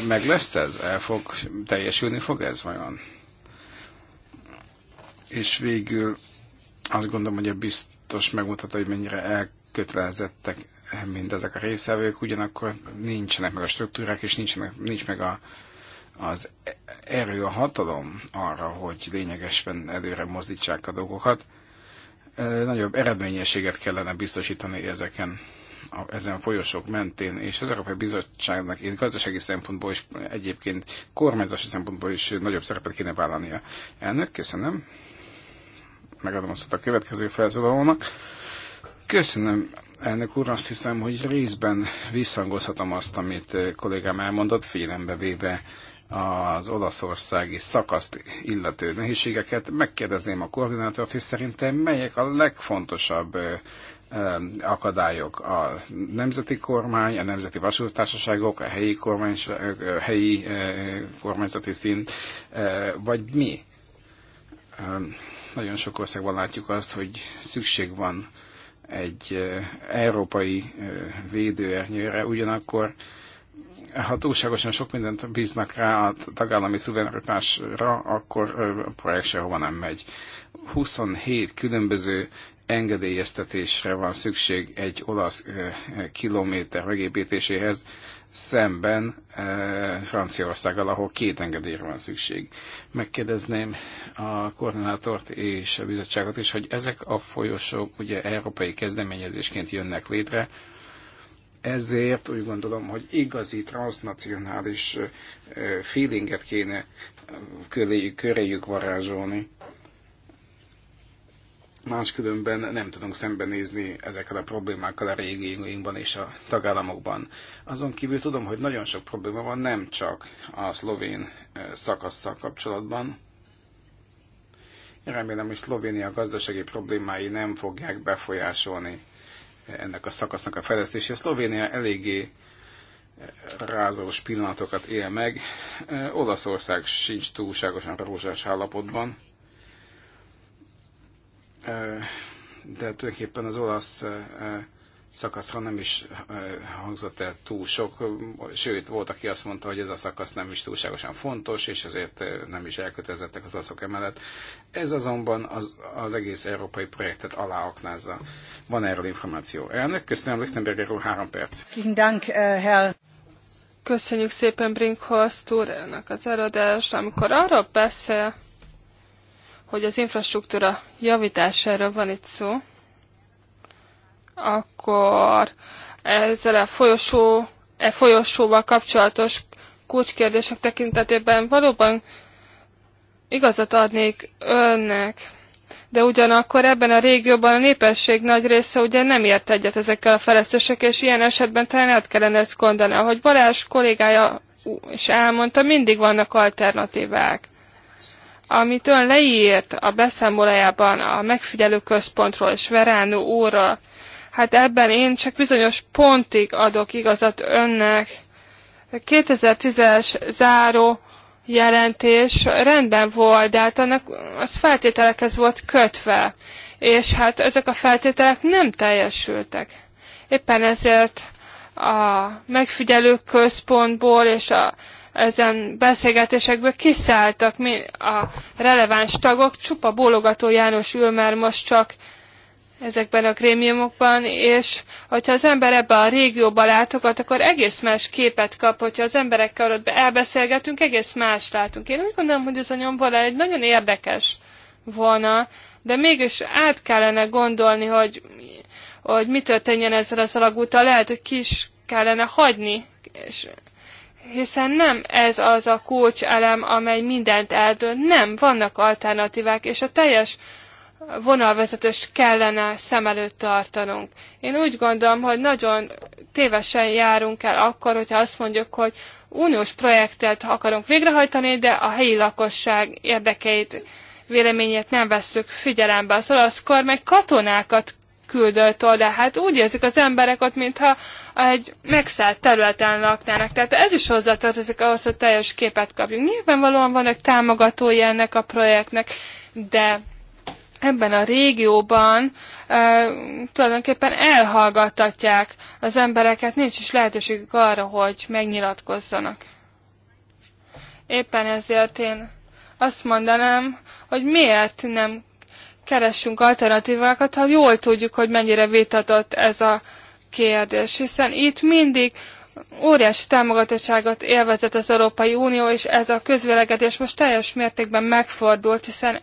Meg lesz ez? El fog, teljesülni fog ez vajon? És végül azt gondolom, hogy a biztos megmutatta, hogy mennyire elkötelezettek mindezek a részevők, ugyanakkor nincsenek meg a struktúrák, és nincsenek, nincs meg a, az erő, a hatalom arra, hogy lényegesen előre mozdítsák a dolgokat nagyobb eredményességet kellene biztosítani ezeken a, ezen a folyosók mentén, és az Európai Bizottságnak itt gazdasági szempontból is egyébként kormányzási szempontból is nagyobb szerepet kéne vállalnia. Elnök, köszönöm. Megadom azt a következő felszólalónak. Köszönöm, elnök úr, azt hiszem, hogy részben visszhangozhatom azt, amit kollégám elmondott, figyelembe véve az olaszországi szakaszt illető nehézségeket, megkérdezném a koordinátort, hogy szerintem melyek a legfontosabb akadályok a nemzeti kormány, a nemzeti vasútársaságok, a helyi, kormány, a helyi kormányzati szint, vagy mi? Nagyon sok országban látjuk azt, hogy szükség van egy európai védőernyőre, ugyanakkor ha túlságosan sok mindent bíznak rá a tagállami szuverenitásra, akkor a projekt sehova nem megy. 27 különböző engedélyeztetésre van szükség egy olasz kilométer megépítéséhez, szemben Franciaországgal, ahol két engedélyre van szükség. Megkérdezném a koordinátort és a bizottságot is, hogy ezek a folyosók ugye európai kezdeményezésként jönnek létre, ezért úgy gondolom, hogy igazi transnacionális feelinget kéne köréjük, köréjük varázsolni. Máskülönben nem tudunk szembenézni ezekkel a problémákkal a régióinkban és a tagállamokban. Azon kívül tudom, hogy nagyon sok probléma van, nem csak a szlovén szakasszal kapcsolatban. Remélem, hogy Szlovénia gazdasági problémái nem fogják befolyásolni ennek a szakasznak a fejlesztése. Szlovénia eléggé rázós pillanatokat él meg. Olaszország sincs túlságosan rózsás állapotban. De tulajdonképpen az olasz szakasz, nem is eh, hangzott el túl sok, sőt, volt, aki azt mondta, hogy ez a szakasz nem is túlságosan fontos, és ezért eh, nem is elkötelezettek az aszok emellett. Ez azonban az, az egész európai projektet aláaknázza. Van erről információ. Elnök, köszönöm, Lichtenberg, erről három perc. Eh, Köszönjük szépen Brinkhorst úr ennek az előadást, amikor arra beszél, hogy az infrastruktúra javítására van itt szó, akkor ezzel a folyosó, e folyosóval kapcsolatos kulcskérdések tekintetében valóban igazat adnék önnek. De ugyanakkor ebben a régióban a népesség nagy része ugye nem ért egyet ezekkel a fejlesztésekkel, és ilyen esetben talán át kellene ezt gondolni. Ahogy Balázs kollégája is elmondta, mindig vannak alternatívák. Amit ön leírt a beszámolájában a megfigyelő központról és Veránó úrral, Hát ebben én csak bizonyos pontig adok igazat önnek. 2010-es záró jelentés rendben volt, de hát annak az feltételekhez volt kötve, és hát ezek a feltételek nem teljesültek. Éppen ezért a megfigyelő központból és a, ezen beszélgetésekből kiszálltak mi a releváns tagok, csupa bólogató János ül már most csak ezekben a krémiumokban, és hogyha az ember ebbe a régióba látogat, akkor egész más képet kap, hogyha az emberekkel ott elbeszélgetünk, egész más látunk. Én úgy gondolom, hogy ez a nyomvonal egy nagyon érdekes volna, de mégis át kellene gondolni, hogy, hogy mi történjen ezzel az alagúttal, lehet, hogy ki is kellene hagyni, és hiszen nem ez az a kulcselem, amely mindent eldönt, nem, vannak alternatívák, és a teljes vonalvezetést kellene szem előtt tartanunk. Én úgy gondolom, hogy nagyon tévesen járunk el akkor, hogyha azt mondjuk, hogy uniós projektet akarunk végrehajtani, de a helyi lakosság érdekeit, véleményét nem vesszük figyelembe. Az olasz kormány katonákat küldött oda. Hát úgy érzik az emberek ott, mintha egy megszállt területen laknának. Tehát ez is hozzátartozik ahhoz, hogy teljes képet kapjunk. Nyilvánvalóan vannak támogatói ennek a projektnek, de ebben a régióban e, tulajdonképpen elhallgattatják az embereket, nincs is lehetőségük arra, hogy megnyilatkozzanak. Éppen ezért én azt mondanám, hogy miért nem keressünk alternatívákat, ha jól tudjuk, hogy mennyire vitatott ez a kérdés, hiszen itt mindig óriási támogatottságot élvezett az Európai Unió, és ez a közvélegedés most teljes mértékben megfordult, hiszen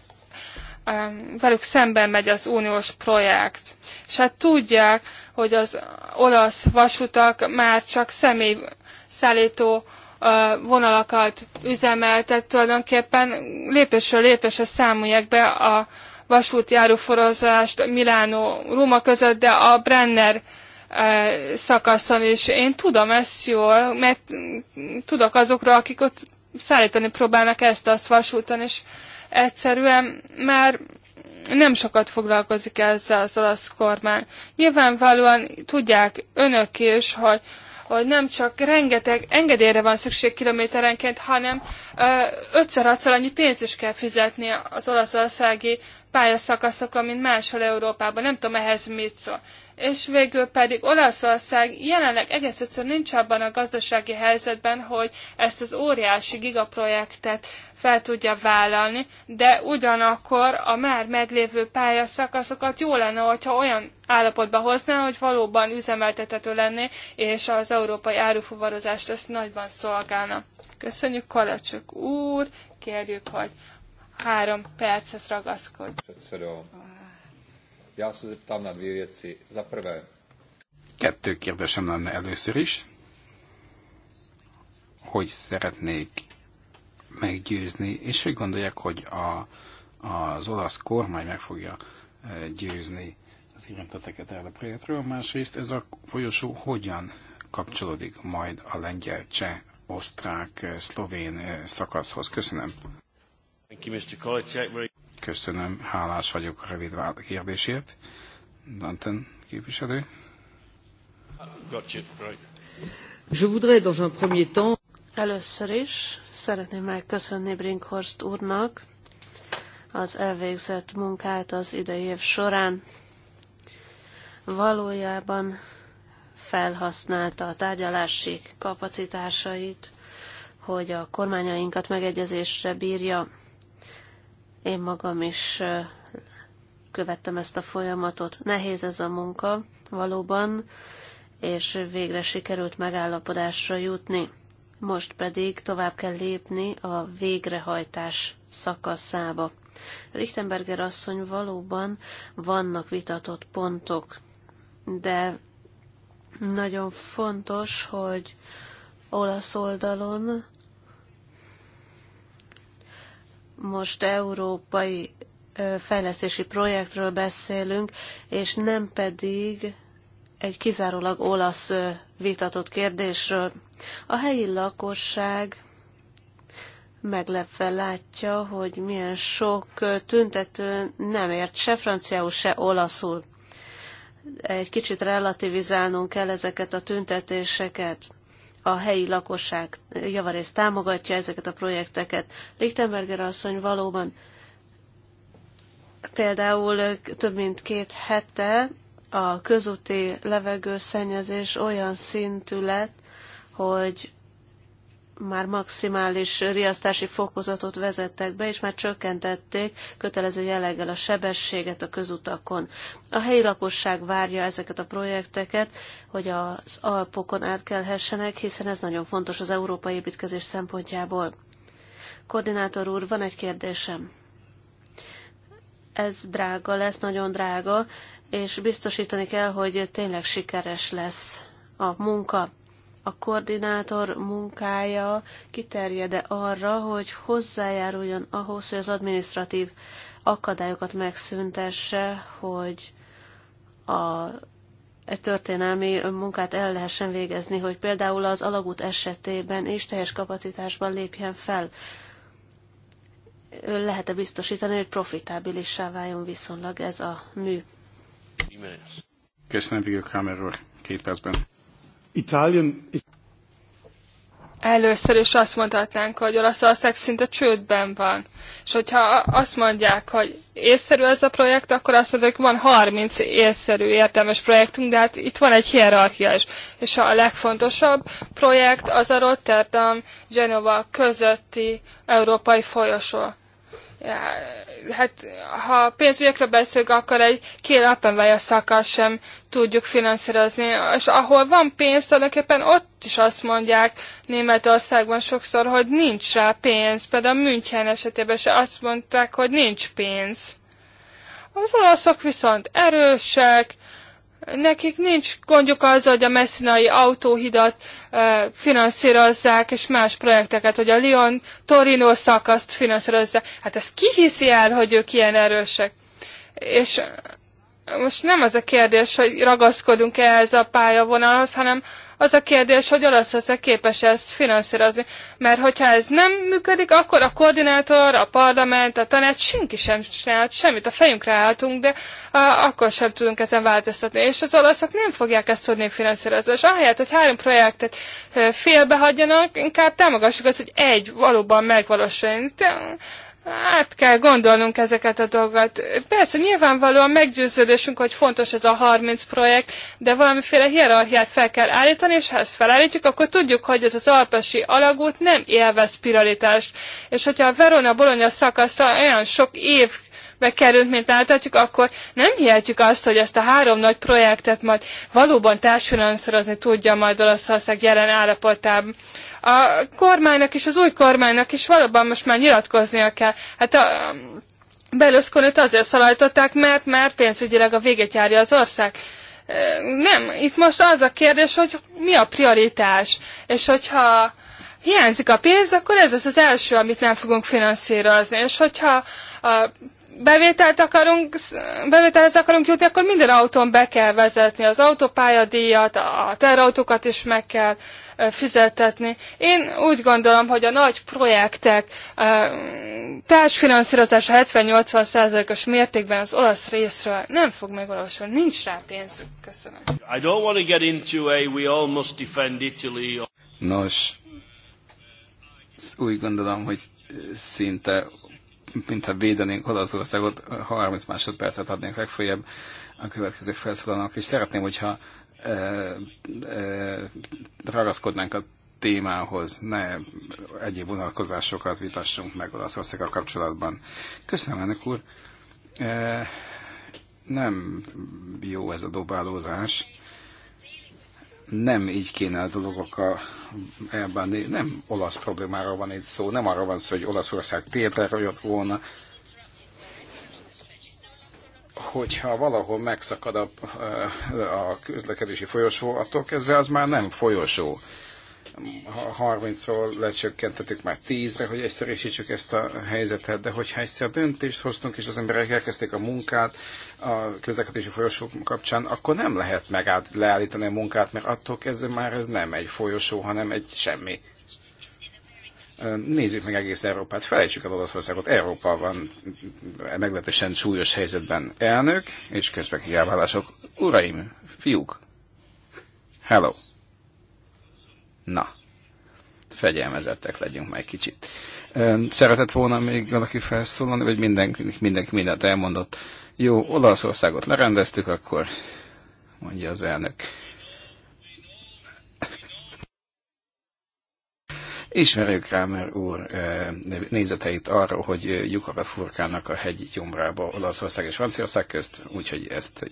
velük szemben megy az uniós projekt. És hát tudják, hogy az olasz vasutak már csak személyszállító vonalakat üzemeltet, tulajdonképpen lépésről lépésre számolják be a vasúti áruforozást Milánó-Róma között, de a Brenner szakaszon is. Én tudom ezt jól, mert tudok azokról, akik ott szállítani próbálnak ezt-azt vasúton, és egyszerűen már nem sokat foglalkozik ezzel az olasz kormány. Nyilvánvalóan tudják önök is, hogy, hogy nem csak rengeteg engedélyre van szükség kilométerenként, hanem ötször-hatszor annyi pénzt is kell fizetni az olaszországi pályaszakaszokon, mint máshol Európában. Nem tudom ehhez mit szól. És végül pedig Olaszország jelenleg egész egyszerűen nincs abban a gazdasági helyzetben, hogy ezt az óriási gigaprojektet fel tudja vállalni, de ugyanakkor a már meglévő pályaszakaszokat jó lenne, hogyha olyan állapotba hozná, hogy valóban üzemeltethető lenné, és az európai árufuvarozást ezt nagyban szolgálna. Köszönjük, Kalacsok úr, kérjük, hogy három percet ragaszkodj. Za prvé. Kettő kérdésem lenne először is, hogy szeretnék meggyőzni, és hogy gondolják, hogy a, az olasz kormány meg fogja e, győzni az érintetteket erre a projektről, másrészt ez a folyosó hogyan kapcsolódik majd a lengyel, cseh, osztrák, e, szlovén e, szakaszhoz. Köszönöm. Köszönöm, hálás vagyok a rövid kérdésért. Danton képviselő. Je voudrais dans un premier temps Először is szeretném megköszönni Brinkhorst úrnak az elvégzett munkát az idei év során. Valójában felhasználta a tárgyalási kapacitásait, hogy a kormányainkat megegyezésre bírja. Én magam is követtem ezt a folyamatot. Nehéz ez a munka, valóban, és végre sikerült megállapodásra jutni. Most pedig tovább kell lépni a végrehajtás szakaszába. Lichtenberger asszony valóban vannak vitatott pontok, de nagyon fontos, hogy olasz oldalon most európai fejlesztési projektről beszélünk, és nem pedig egy kizárólag olasz vitatott kérdésről. A helyi lakosság meglepve látja, hogy milyen sok tüntető nem ért se franciául, se olaszul. Egy kicsit relativizálnunk kell ezeket a tüntetéseket. A helyi lakosság javarészt támogatja ezeket a projekteket. Lichtenberger asszony valóban például több mint két hete a közúti levegőszennyezés olyan szintű lett, hogy már maximális riasztási fokozatot vezettek be, és már csökkentették kötelező jelleggel a sebességet a közutakon. A helyi lakosság várja ezeket a projekteket, hogy az Alpokon átkelhessenek, hiszen ez nagyon fontos az európai építkezés szempontjából. Koordinátor úr, van egy kérdésem. Ez drága lesz, nagyon drága, és biztosítani kell, hogy tényleg sikeres lesz a munka. A koordinátor munkája kiterjede arra, hogy hozzájáruljon ahhoz, hogy az administratív akadályokat megszüntesse, hogy a e történelmi munkát el lehessen végezni, hogy például az alagút esetében is teljes kapacitásban lépjen fel. Lehet-e biztosítani, hogy profitábilissá váljon viszonylag ez a mű? Köszönöm, Vigil Kramer két percben. Italian... Először is azt mondhatnánk, hogy Olaszország szinte csődben van. És hogyha azt mondják, hogy észszerű ez a projekt, akkor azt mondják, hogy van 30 észszerű, értelmes projektünk, de hát itt van egy hierarchia is. És a legfontosabb projekt az a Rotterdam-Genova közötti európai folyosó hát ha pénzügyekről beszélünk, akkor egy két Appenweier szakkal sem tudjuk finanszírozni. És ahol van pénz, tulajdonképpen ott is azt mondják Németországban sokszor, hogy nincs rá pénz. Például München esetében se azt mondták, hogy nincs pénz. Az olaszok viszont erősek, nekik nincs gondjuk az, hogy a messzinai autóhidat e, finanszírozzák, és más projekteket, hogy a Lyon-Torino szakaszt finanszírozzák. Hát ezt ki hiszi el, hogy ők ilyen erősek? És most nem az a kérdés, hogy ragaszkodunk ehhez a pályavonalhoz, hanem az a kérdés, hogy Olaszország képes ezt finanszírozni. Mert hogyha ez nem működik, akkor a koordinátor, a parlament, a tanács, senki sem csinált semmit, a fejünkre álltunk, de a, akkor sem tudunk ezen változtatni. És az olaszok nem fogják ezt tudni finanszírozni. És ahelyett, hogy három projektet félbehagyjanak, inkább támogassuk azt, hogy egy valóban megvalósuljon át kell gondolnunk ezeket a dolgokat. Persze, nyilvánvalóan meggyőződésünk, hogy fontos ez a 30 projekt, de valamiféle hierarchiát fel kell állítani, és ha ezt felállítjuk, akkor tudjuk, hogy ez az alpesi alagút nem élvez prioritást. És hogyha a Verona-Bologna szakaszra olyan sok év bekerült, mint láthatjuk, akkor nem hihetjük azt, hogy ezt a három nagy projektet majd valóban társfinanszírozni tudja majd Olaszország jelen állapotában a kormánynak és az új kormánynak is valóban most már nyilatkoznia kell. Hát a, um, berlusconi azért szalajtották, mert már pénzügyileg a véget járja az ország. Nem, itt most az a kérdés, hogy mi a prioritás, és hogyha hiányzik a pénz, akkor ez az az első, amit nem fogunk finanszírozni, és hogyha a bevételt akarunk, bevételhez akarunk jutni, akkor minden autón be kell vezetni az autópályadíjat, a terautókat is meg kell fizetetni. Én úgy gondolom, hogy a nagy projektek társfinanszírozása 70-80%-os mértékben az olasz részről nem fog megvalósulni. Nincs rá pénz. Köszönöm. I don't want to get into a we all must defend Italy. Nos, úgy gondolom, hogy szinte mintha védenénk oda az országot, 30 másodpercet adnék legfeljebb a következő felszólalnak, és szeretném, hogyha e, e, ragaszkodnánk a témához, ne egyéb vonatkozásokat vitassunk meg Olaszországgal kapcsolatban. Köszönöm, ennek úr. E, nem jó ez a dobálózás nem így kéne a dolgokkal elbánni. Nem olasz problémára van itt szó, nem arra van szó, hogy Olaszország térdre rajott volna. Hogyha valahol megszakad a, a közlekedési folyosó, attól kezdve az már nem folyosó 30-ról lecsökkentettük már 10-re, hogy egyszerűsítsük ezt a helyzetet, de hogyha egyszer döntést hoztunk, és az emberek elkezdték a munkát a közlekedési folyosók kapcsán, akkor nem lehet megállt, leállítani a munkát, mert attól kezdve már ez nem egy folyosó, hanem egy semmi. Nézzük meg egész Európát, felejtsük el Olaszországot, Európa van meglehetősen súlyos helyzetben. Elnök és közben kiállások. Uraim, fiúk, hello! Na, fegyelmezettek legyünk már egy kicsit. Szeretett volna még valaki felszólalni, vagy mindenki, mindenki mindent elmondott. Jó, Olaszországot lerendeztük, akkor mondja az elnök. Ismerjük Kramer úr nézeteit arról, hogy lyukakat furkálnak a hegyi gyomrába Olaszország és Franciaország közt, úgyhogy ezt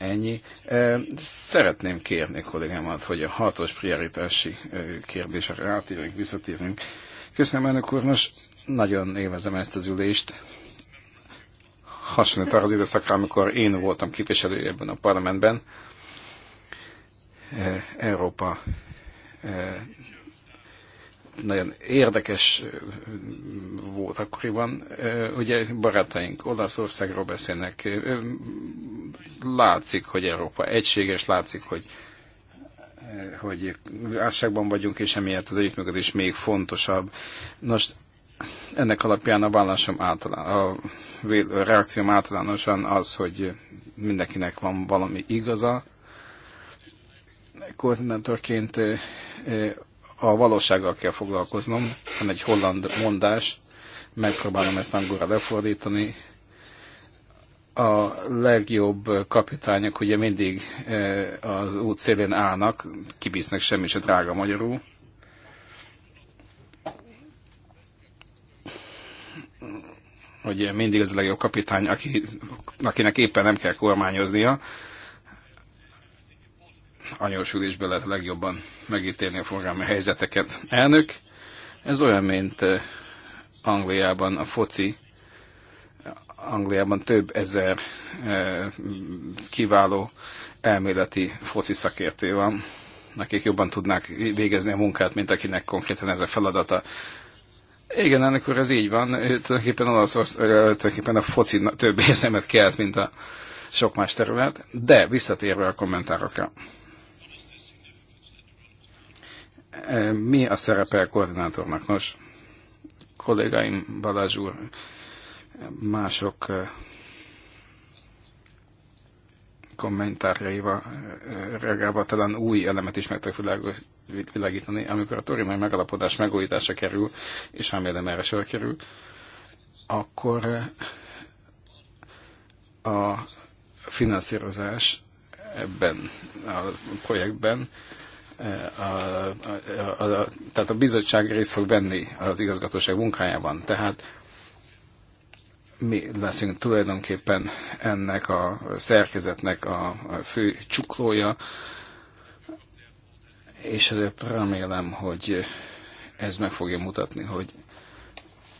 Ennyi. Szeretném kérni kollégámat, hogy a hatos prioritási kérdésre rátérünk, visszatérünk. Köszönöm, elnök úr, most nagyon élvezem ezt az ülést. Hasonlít arra az időszakra, amikor én voltam képviselő ebben a parlamentben. Európa nagyon érdekes volt akkoriban. Ugye barátaink Olaszországról beszélnek, látszik, hogy Európa egységes, látszik, hogy hogy álságban vagyunk, és emiatt az együttműködés még fontosabb. Nos, ennek alapján a vállásom általán, a reakcióm általánosan az, hogy mindenkinek van valami igaza. Koordinátorként a valósággal kell foglalkoznom. Van egy holland mondás, megpróbálom ezt angolra lefordítani. A legjobb kapitányok ugye mindig e, az út szélén állnak, kibíznek semmi se drága magyarul. Ugye mindig az a legjobb kapitány, aki, akinek éppen nem kell kormányoznia anyósülésben lehet legjobban megítélni a forgalmi helyzeteket. Elnök, ez olyan, mint eh, Angliában a foci, Angliában több ezer eh, kiváló elméleti foci szakértő van, akik jobban tudnák végezni a munkát, mint akinek konkrétan ez a feladata. Igen, ennek úr, ez így van. Tulajdonképpen, Olaszorsz, tulajdonképpen a foci több érzemet kelt, mint a sok más terület. De visszatérve a kommentárokra. Mi a szerepe a koordinátornak? Nos, kollégáim Balázs úr, mások eh, kommentárjaival eh, reagálva talán új elemet is meg világítani, amikor a majd megalapodás megújítása kerül, és remélem erre sor kerül, akkor eh, a finanszírozás ebben a projektben a, a, a, tehát a bizottság részt fog venni az igazgatóság munkájában. Tehát mi leszünk tulajdonképpen ennek a szerkezetnek a fő csuklója, és ezért remélem, hogy ez meg fogja mutatni, hogy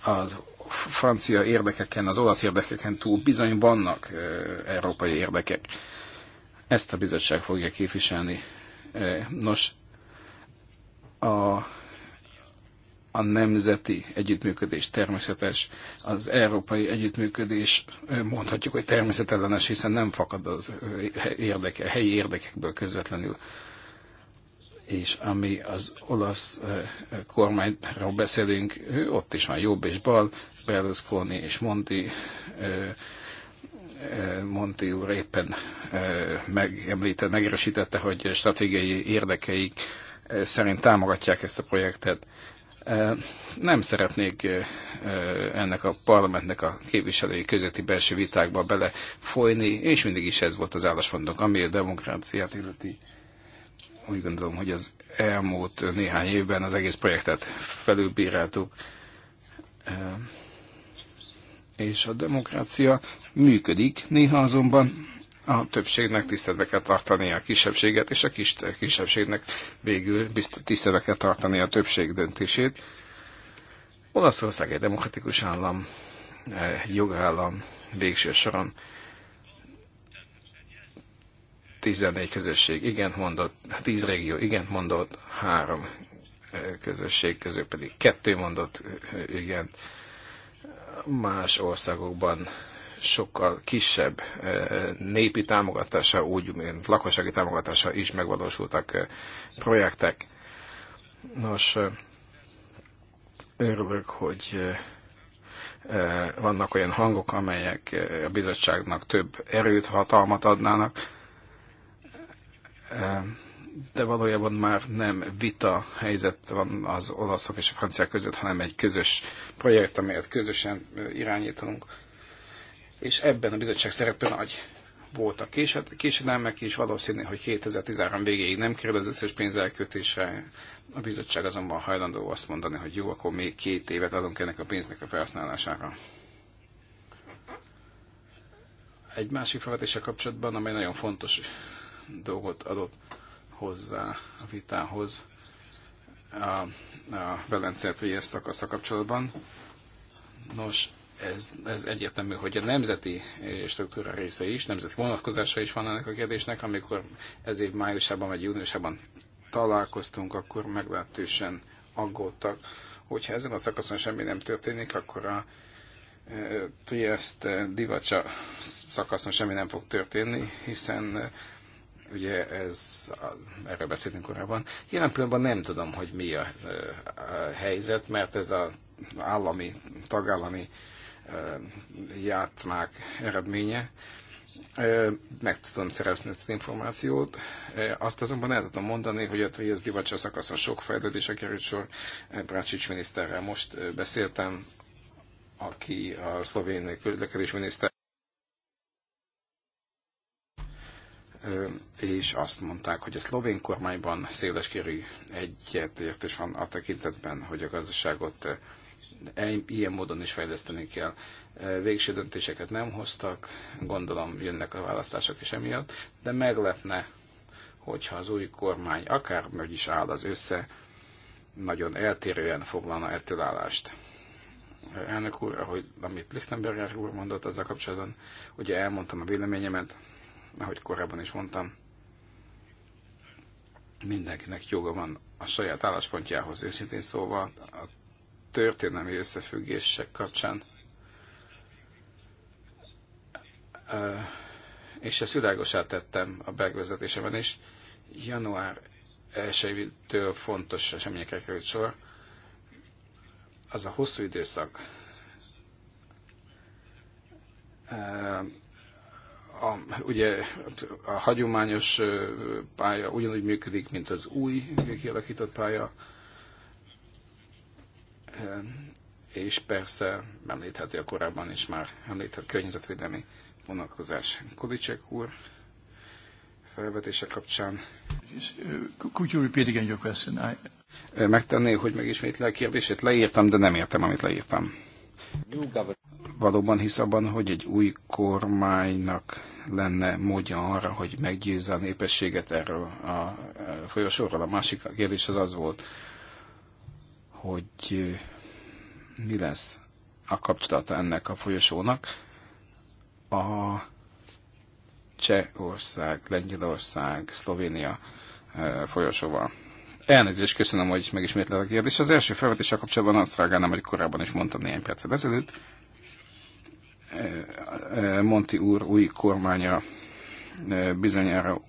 a francia érdekeken, az olasz érdekeken túl bizony vannak európai érdekek. Ezt a bizottság fogja képviselni E, nos, a, a nemzeti együttműködés természetes, az európai együttműködés e, mondhatjuk, hogy természetellenes, hiszen nem fakad az e, érdeke, helyi érdekekből közvetlenül. És ami az olasz kormányról beszélünk, ott is van jobb és bal, Berlusconi és Monti Monti úr éppen megemlített, megerősítette, hogy stratégiai érdekeik szerint támogatják ezt a projektet. Nem szeretnék ennek a parlamentnek a képviselői közötti belső vitákba belefolyni, és mindig is ez volt az álláspontunk, ami a demokráciát illeti. Úgy gondolom, hogy az elmúlt néhány évben az egész projektet felülbíráltuk, és a demokrácia működik, néha azonban a többségnek tiszteletbe kell tartani a kisebbséget, és a kis, kisebbségnek végül tiszteletbe kell tartani a többség döntését. Olaszország egy demokratikus állam, e, jogállam végső soron. 14 közösség, igen mondott, 10 régió, igen mondott, 3 e, közösség közül pedig 2 mondott, e, igen. Más országokban sokkal kisebb eh, népi támogatása, úgy, mint lakossági támogatása is megvalósultak eh, projektek. Nos, eh, örülök, hogy vannak olyan hangok, amelyek a bizottságnak több erőt, hatalmat adnának, de valójában már nem vita helyzet van az olaszok és a franciák között, hanem egy közös projekt, amelyet közösen irányítunk és ebben a bizottság szerepe nagy. Voltak a késedelmek is, valószínű, hogy 2013 végéig nem kerül az összes pénz A bizottság azonban hajlandó azt mondani, hogy jó, akkor még két évet adunk ennek a pénznek a felhasználására. Egy másik felvetése kapcsolatban, amely nagyon fontos dolgot adott hozzá a vitához, a, a Velencet ezt ezt kapcsolatban. Nos, ez, ez egyértelmű, hogy a nemzeti struktúra része is, nemzeti vonatkozása is van ennek a kérdésnek, amikor ez év májusában vagy júniusában találkoztunk, akkor meglehetősen aggódtak, hogyha ezen a szakaszon semmi nem történik, akkor a e, Trieste divacsa szakaszon semmi nem fog történni, hiszen e, ugye ez, erről beszéltünk korábban. Jelen pillanatban nem tudom, hogy mi a, e, a, helyzet, mert ez a állami, tagállami játszmák eredménye. Meg tudom szerezni ezt az információt. Azt azonban el tudom mondani, hogy a Triasz Divacsa szakaszon sok fejlődése került sor. Brácsics miniszterrel most beszéltem, aki a szlovén közlekedés miniszter. és azt mondták, hogy a szlovén kormányban széles egyetértés van a tekintetben, hogy a gazdaságot ilyen módon is fejleszteni kell. Végső döntéseket nem hoztak, gondolom jönnek a választások is emiatt, de meglepne, hogyha az új kormány akár meg is áll az össze, nagyon eltérően foglalna ettől állást. Elnök úr, ahogy amit Lichtenberger úr mondott ezzel kapcsolatban, ugye elmondtam a véleményemet, ahogy korábban is mondtam, mindenkinek joga van a saját álláspontjához, őszintén szóval a történelmi összefüggések kapcsán. És ezt világosát tettem a bevezetésemben is. Január 1-től fontos eseményekre került sor. Az a hosszú időszak, a, ugye a hagyományos pálya ugyanúgy működik, mint az új kialakított pálya, és persze említheti a korábban is már említett környezetvédelmi vonatkozás. Kodicek úr felvetése kapcsán. Uh, could you repeat again your question? I... Megtenné, hogy megismétle a kérdését? Leírtam, de nem értem, amit leírtam. Valóban hisz abban, hogy egy új kormánynak lenne módja arra, hogy meggyőzze a népességet erről a folyosóról. A másik kérdés az az volt, hogy mi lesz a kapcsolata ennek a folyosónak a Csehország, Lengyelország, Szlovénia folyosóval. Elnézést, köszönöm, hogy megismétlek a kérdés. Az első felvetéssel kapcsolatban azt rágálnám, hogy korábban is mondtam néhány perccel ezelőtt. Monti úr új kormánya bizonyára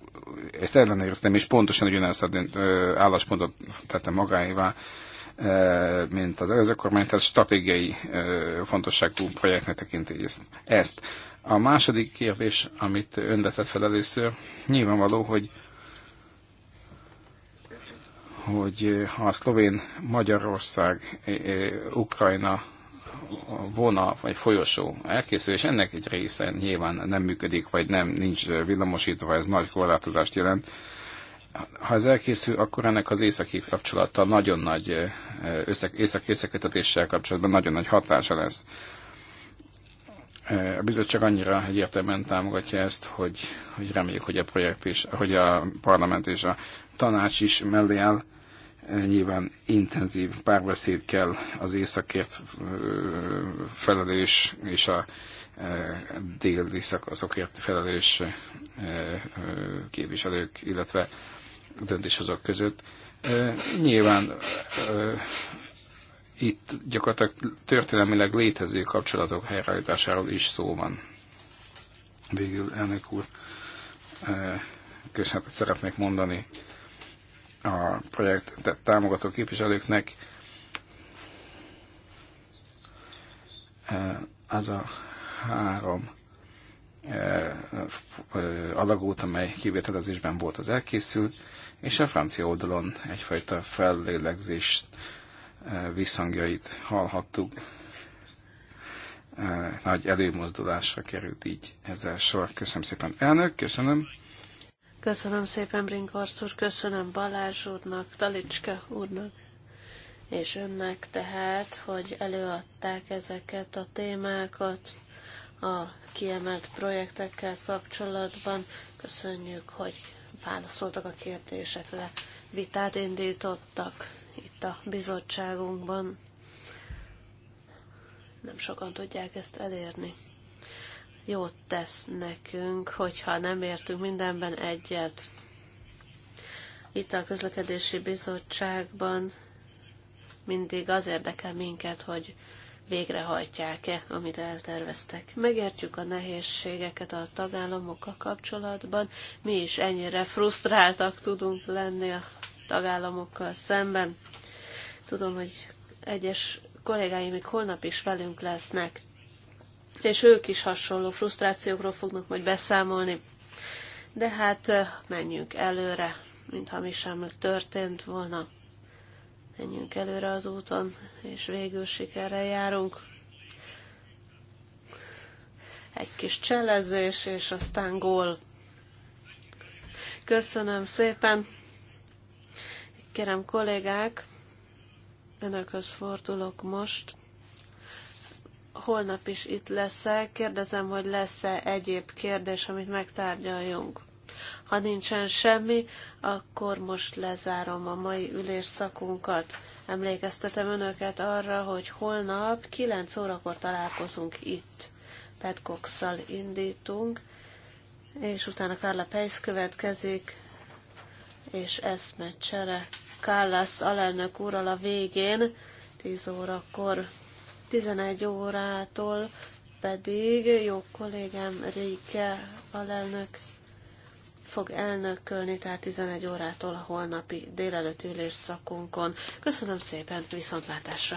ezt ellenőriztem, és pontosan ugyanezt a álláspontot tettem magáévá mint az előző kormány, tehát stratégiai fontosságú projektnek tekinti ezt. A második kérdés, amit ön vetett fel először, nyilvánvaló, hogy hogy ha a szlovén Magyarország, Ukrajna vona vagy folyosó elkészül, és ennek egy része nyilván nem működik, vagy nem nincs villamosítva, ez nagy korlátozást jelent, ha ez elkészül, akkor ennek az északi kapcsolata nagyon nagy északi összekötetéssel kapcsolatban nagyon nagy hatása lesz. A bizottság annyira egyértelműen támogatja ezt, hogy, hogy reméljük, hogy a projekt is, hogy a parlament és a tanács is mellé áll. Nyilván intenzív párbeszéd kell az északért felelős és a déli szakaszokért felelős képviselők, illetve döntéshozók között. Nyilván itt gyakorlatilag történelmileg létező kapcsolatok helyreállításáról is szó van. Végül elnök úr, köszönetet szeretnék mondani a projekt támogató képviselőknek. Az a három alagút, amely kivételezésben volt az elkészült, és a francia oldalon egyfajta fellélegzés eh, visszhangjait hallhattuk. Eh, nagy előmozdulásra került így ezzel sor. Köszönöm szépen, elnök, köszönöm. Köszönöm szépen, Brinkhorst úr, köszönöm Balázs úrnak, Talicska úrnak, és önnek tehát, hogy előadták ezeket a témákat a kiemelt projektekkel kapcsolatban. Köszönjük, hogy válaszoltak a kérdésekre, vitát indítottak itt a bizottságunkban. Nem sokan tudják ezt elérni. Jót tesz nekünk, hogyha nem értünk mindenben egyet. Itt a közlekedési bizottságban mindig az érdekel minket, hogy végrehajtják-e, amit elterveztek. Megértjük a nehézségeket a tagállamokkal kapcsolatban, mi is ennyire frusztráltak tudunk lenni a tagállamokkal szemben. Tudom, hogy egyes kollégáim még holnap is velünk lesznek, és ők is hasonló frusztrációkról fognak majd beszámolni. De hát eh, menjünk előre, mintha mi sem történt volna menjünk előre az úton, és végül sikerre járunk. Egy kis cselezés, és aztán gól. Köszönöm szépen. Kérem kollégák, önökhöz fordulok most. Holnap is itt leszek. Kérdezem, hogy lesz-e egyéb kérdés, amit megtárgyaljunk. Ha nincsen semmi, akkor most lezárom a mai ülésszakunkat. Emlékeztetem önöket arra, hogy holnap 9 órakor találkozunk itt. petcox indítunk, és utána Carla Pejsz következik, és eszmecsere. Kállász alelnök úrral a végén, 10 órakor, 11 órától pedig jó kollégám Réke alelnök fog elnökölni, tehát 11 órától a holnapi délelőtt ülés szakunkon. Köszönöm szépen, viszontlátásra!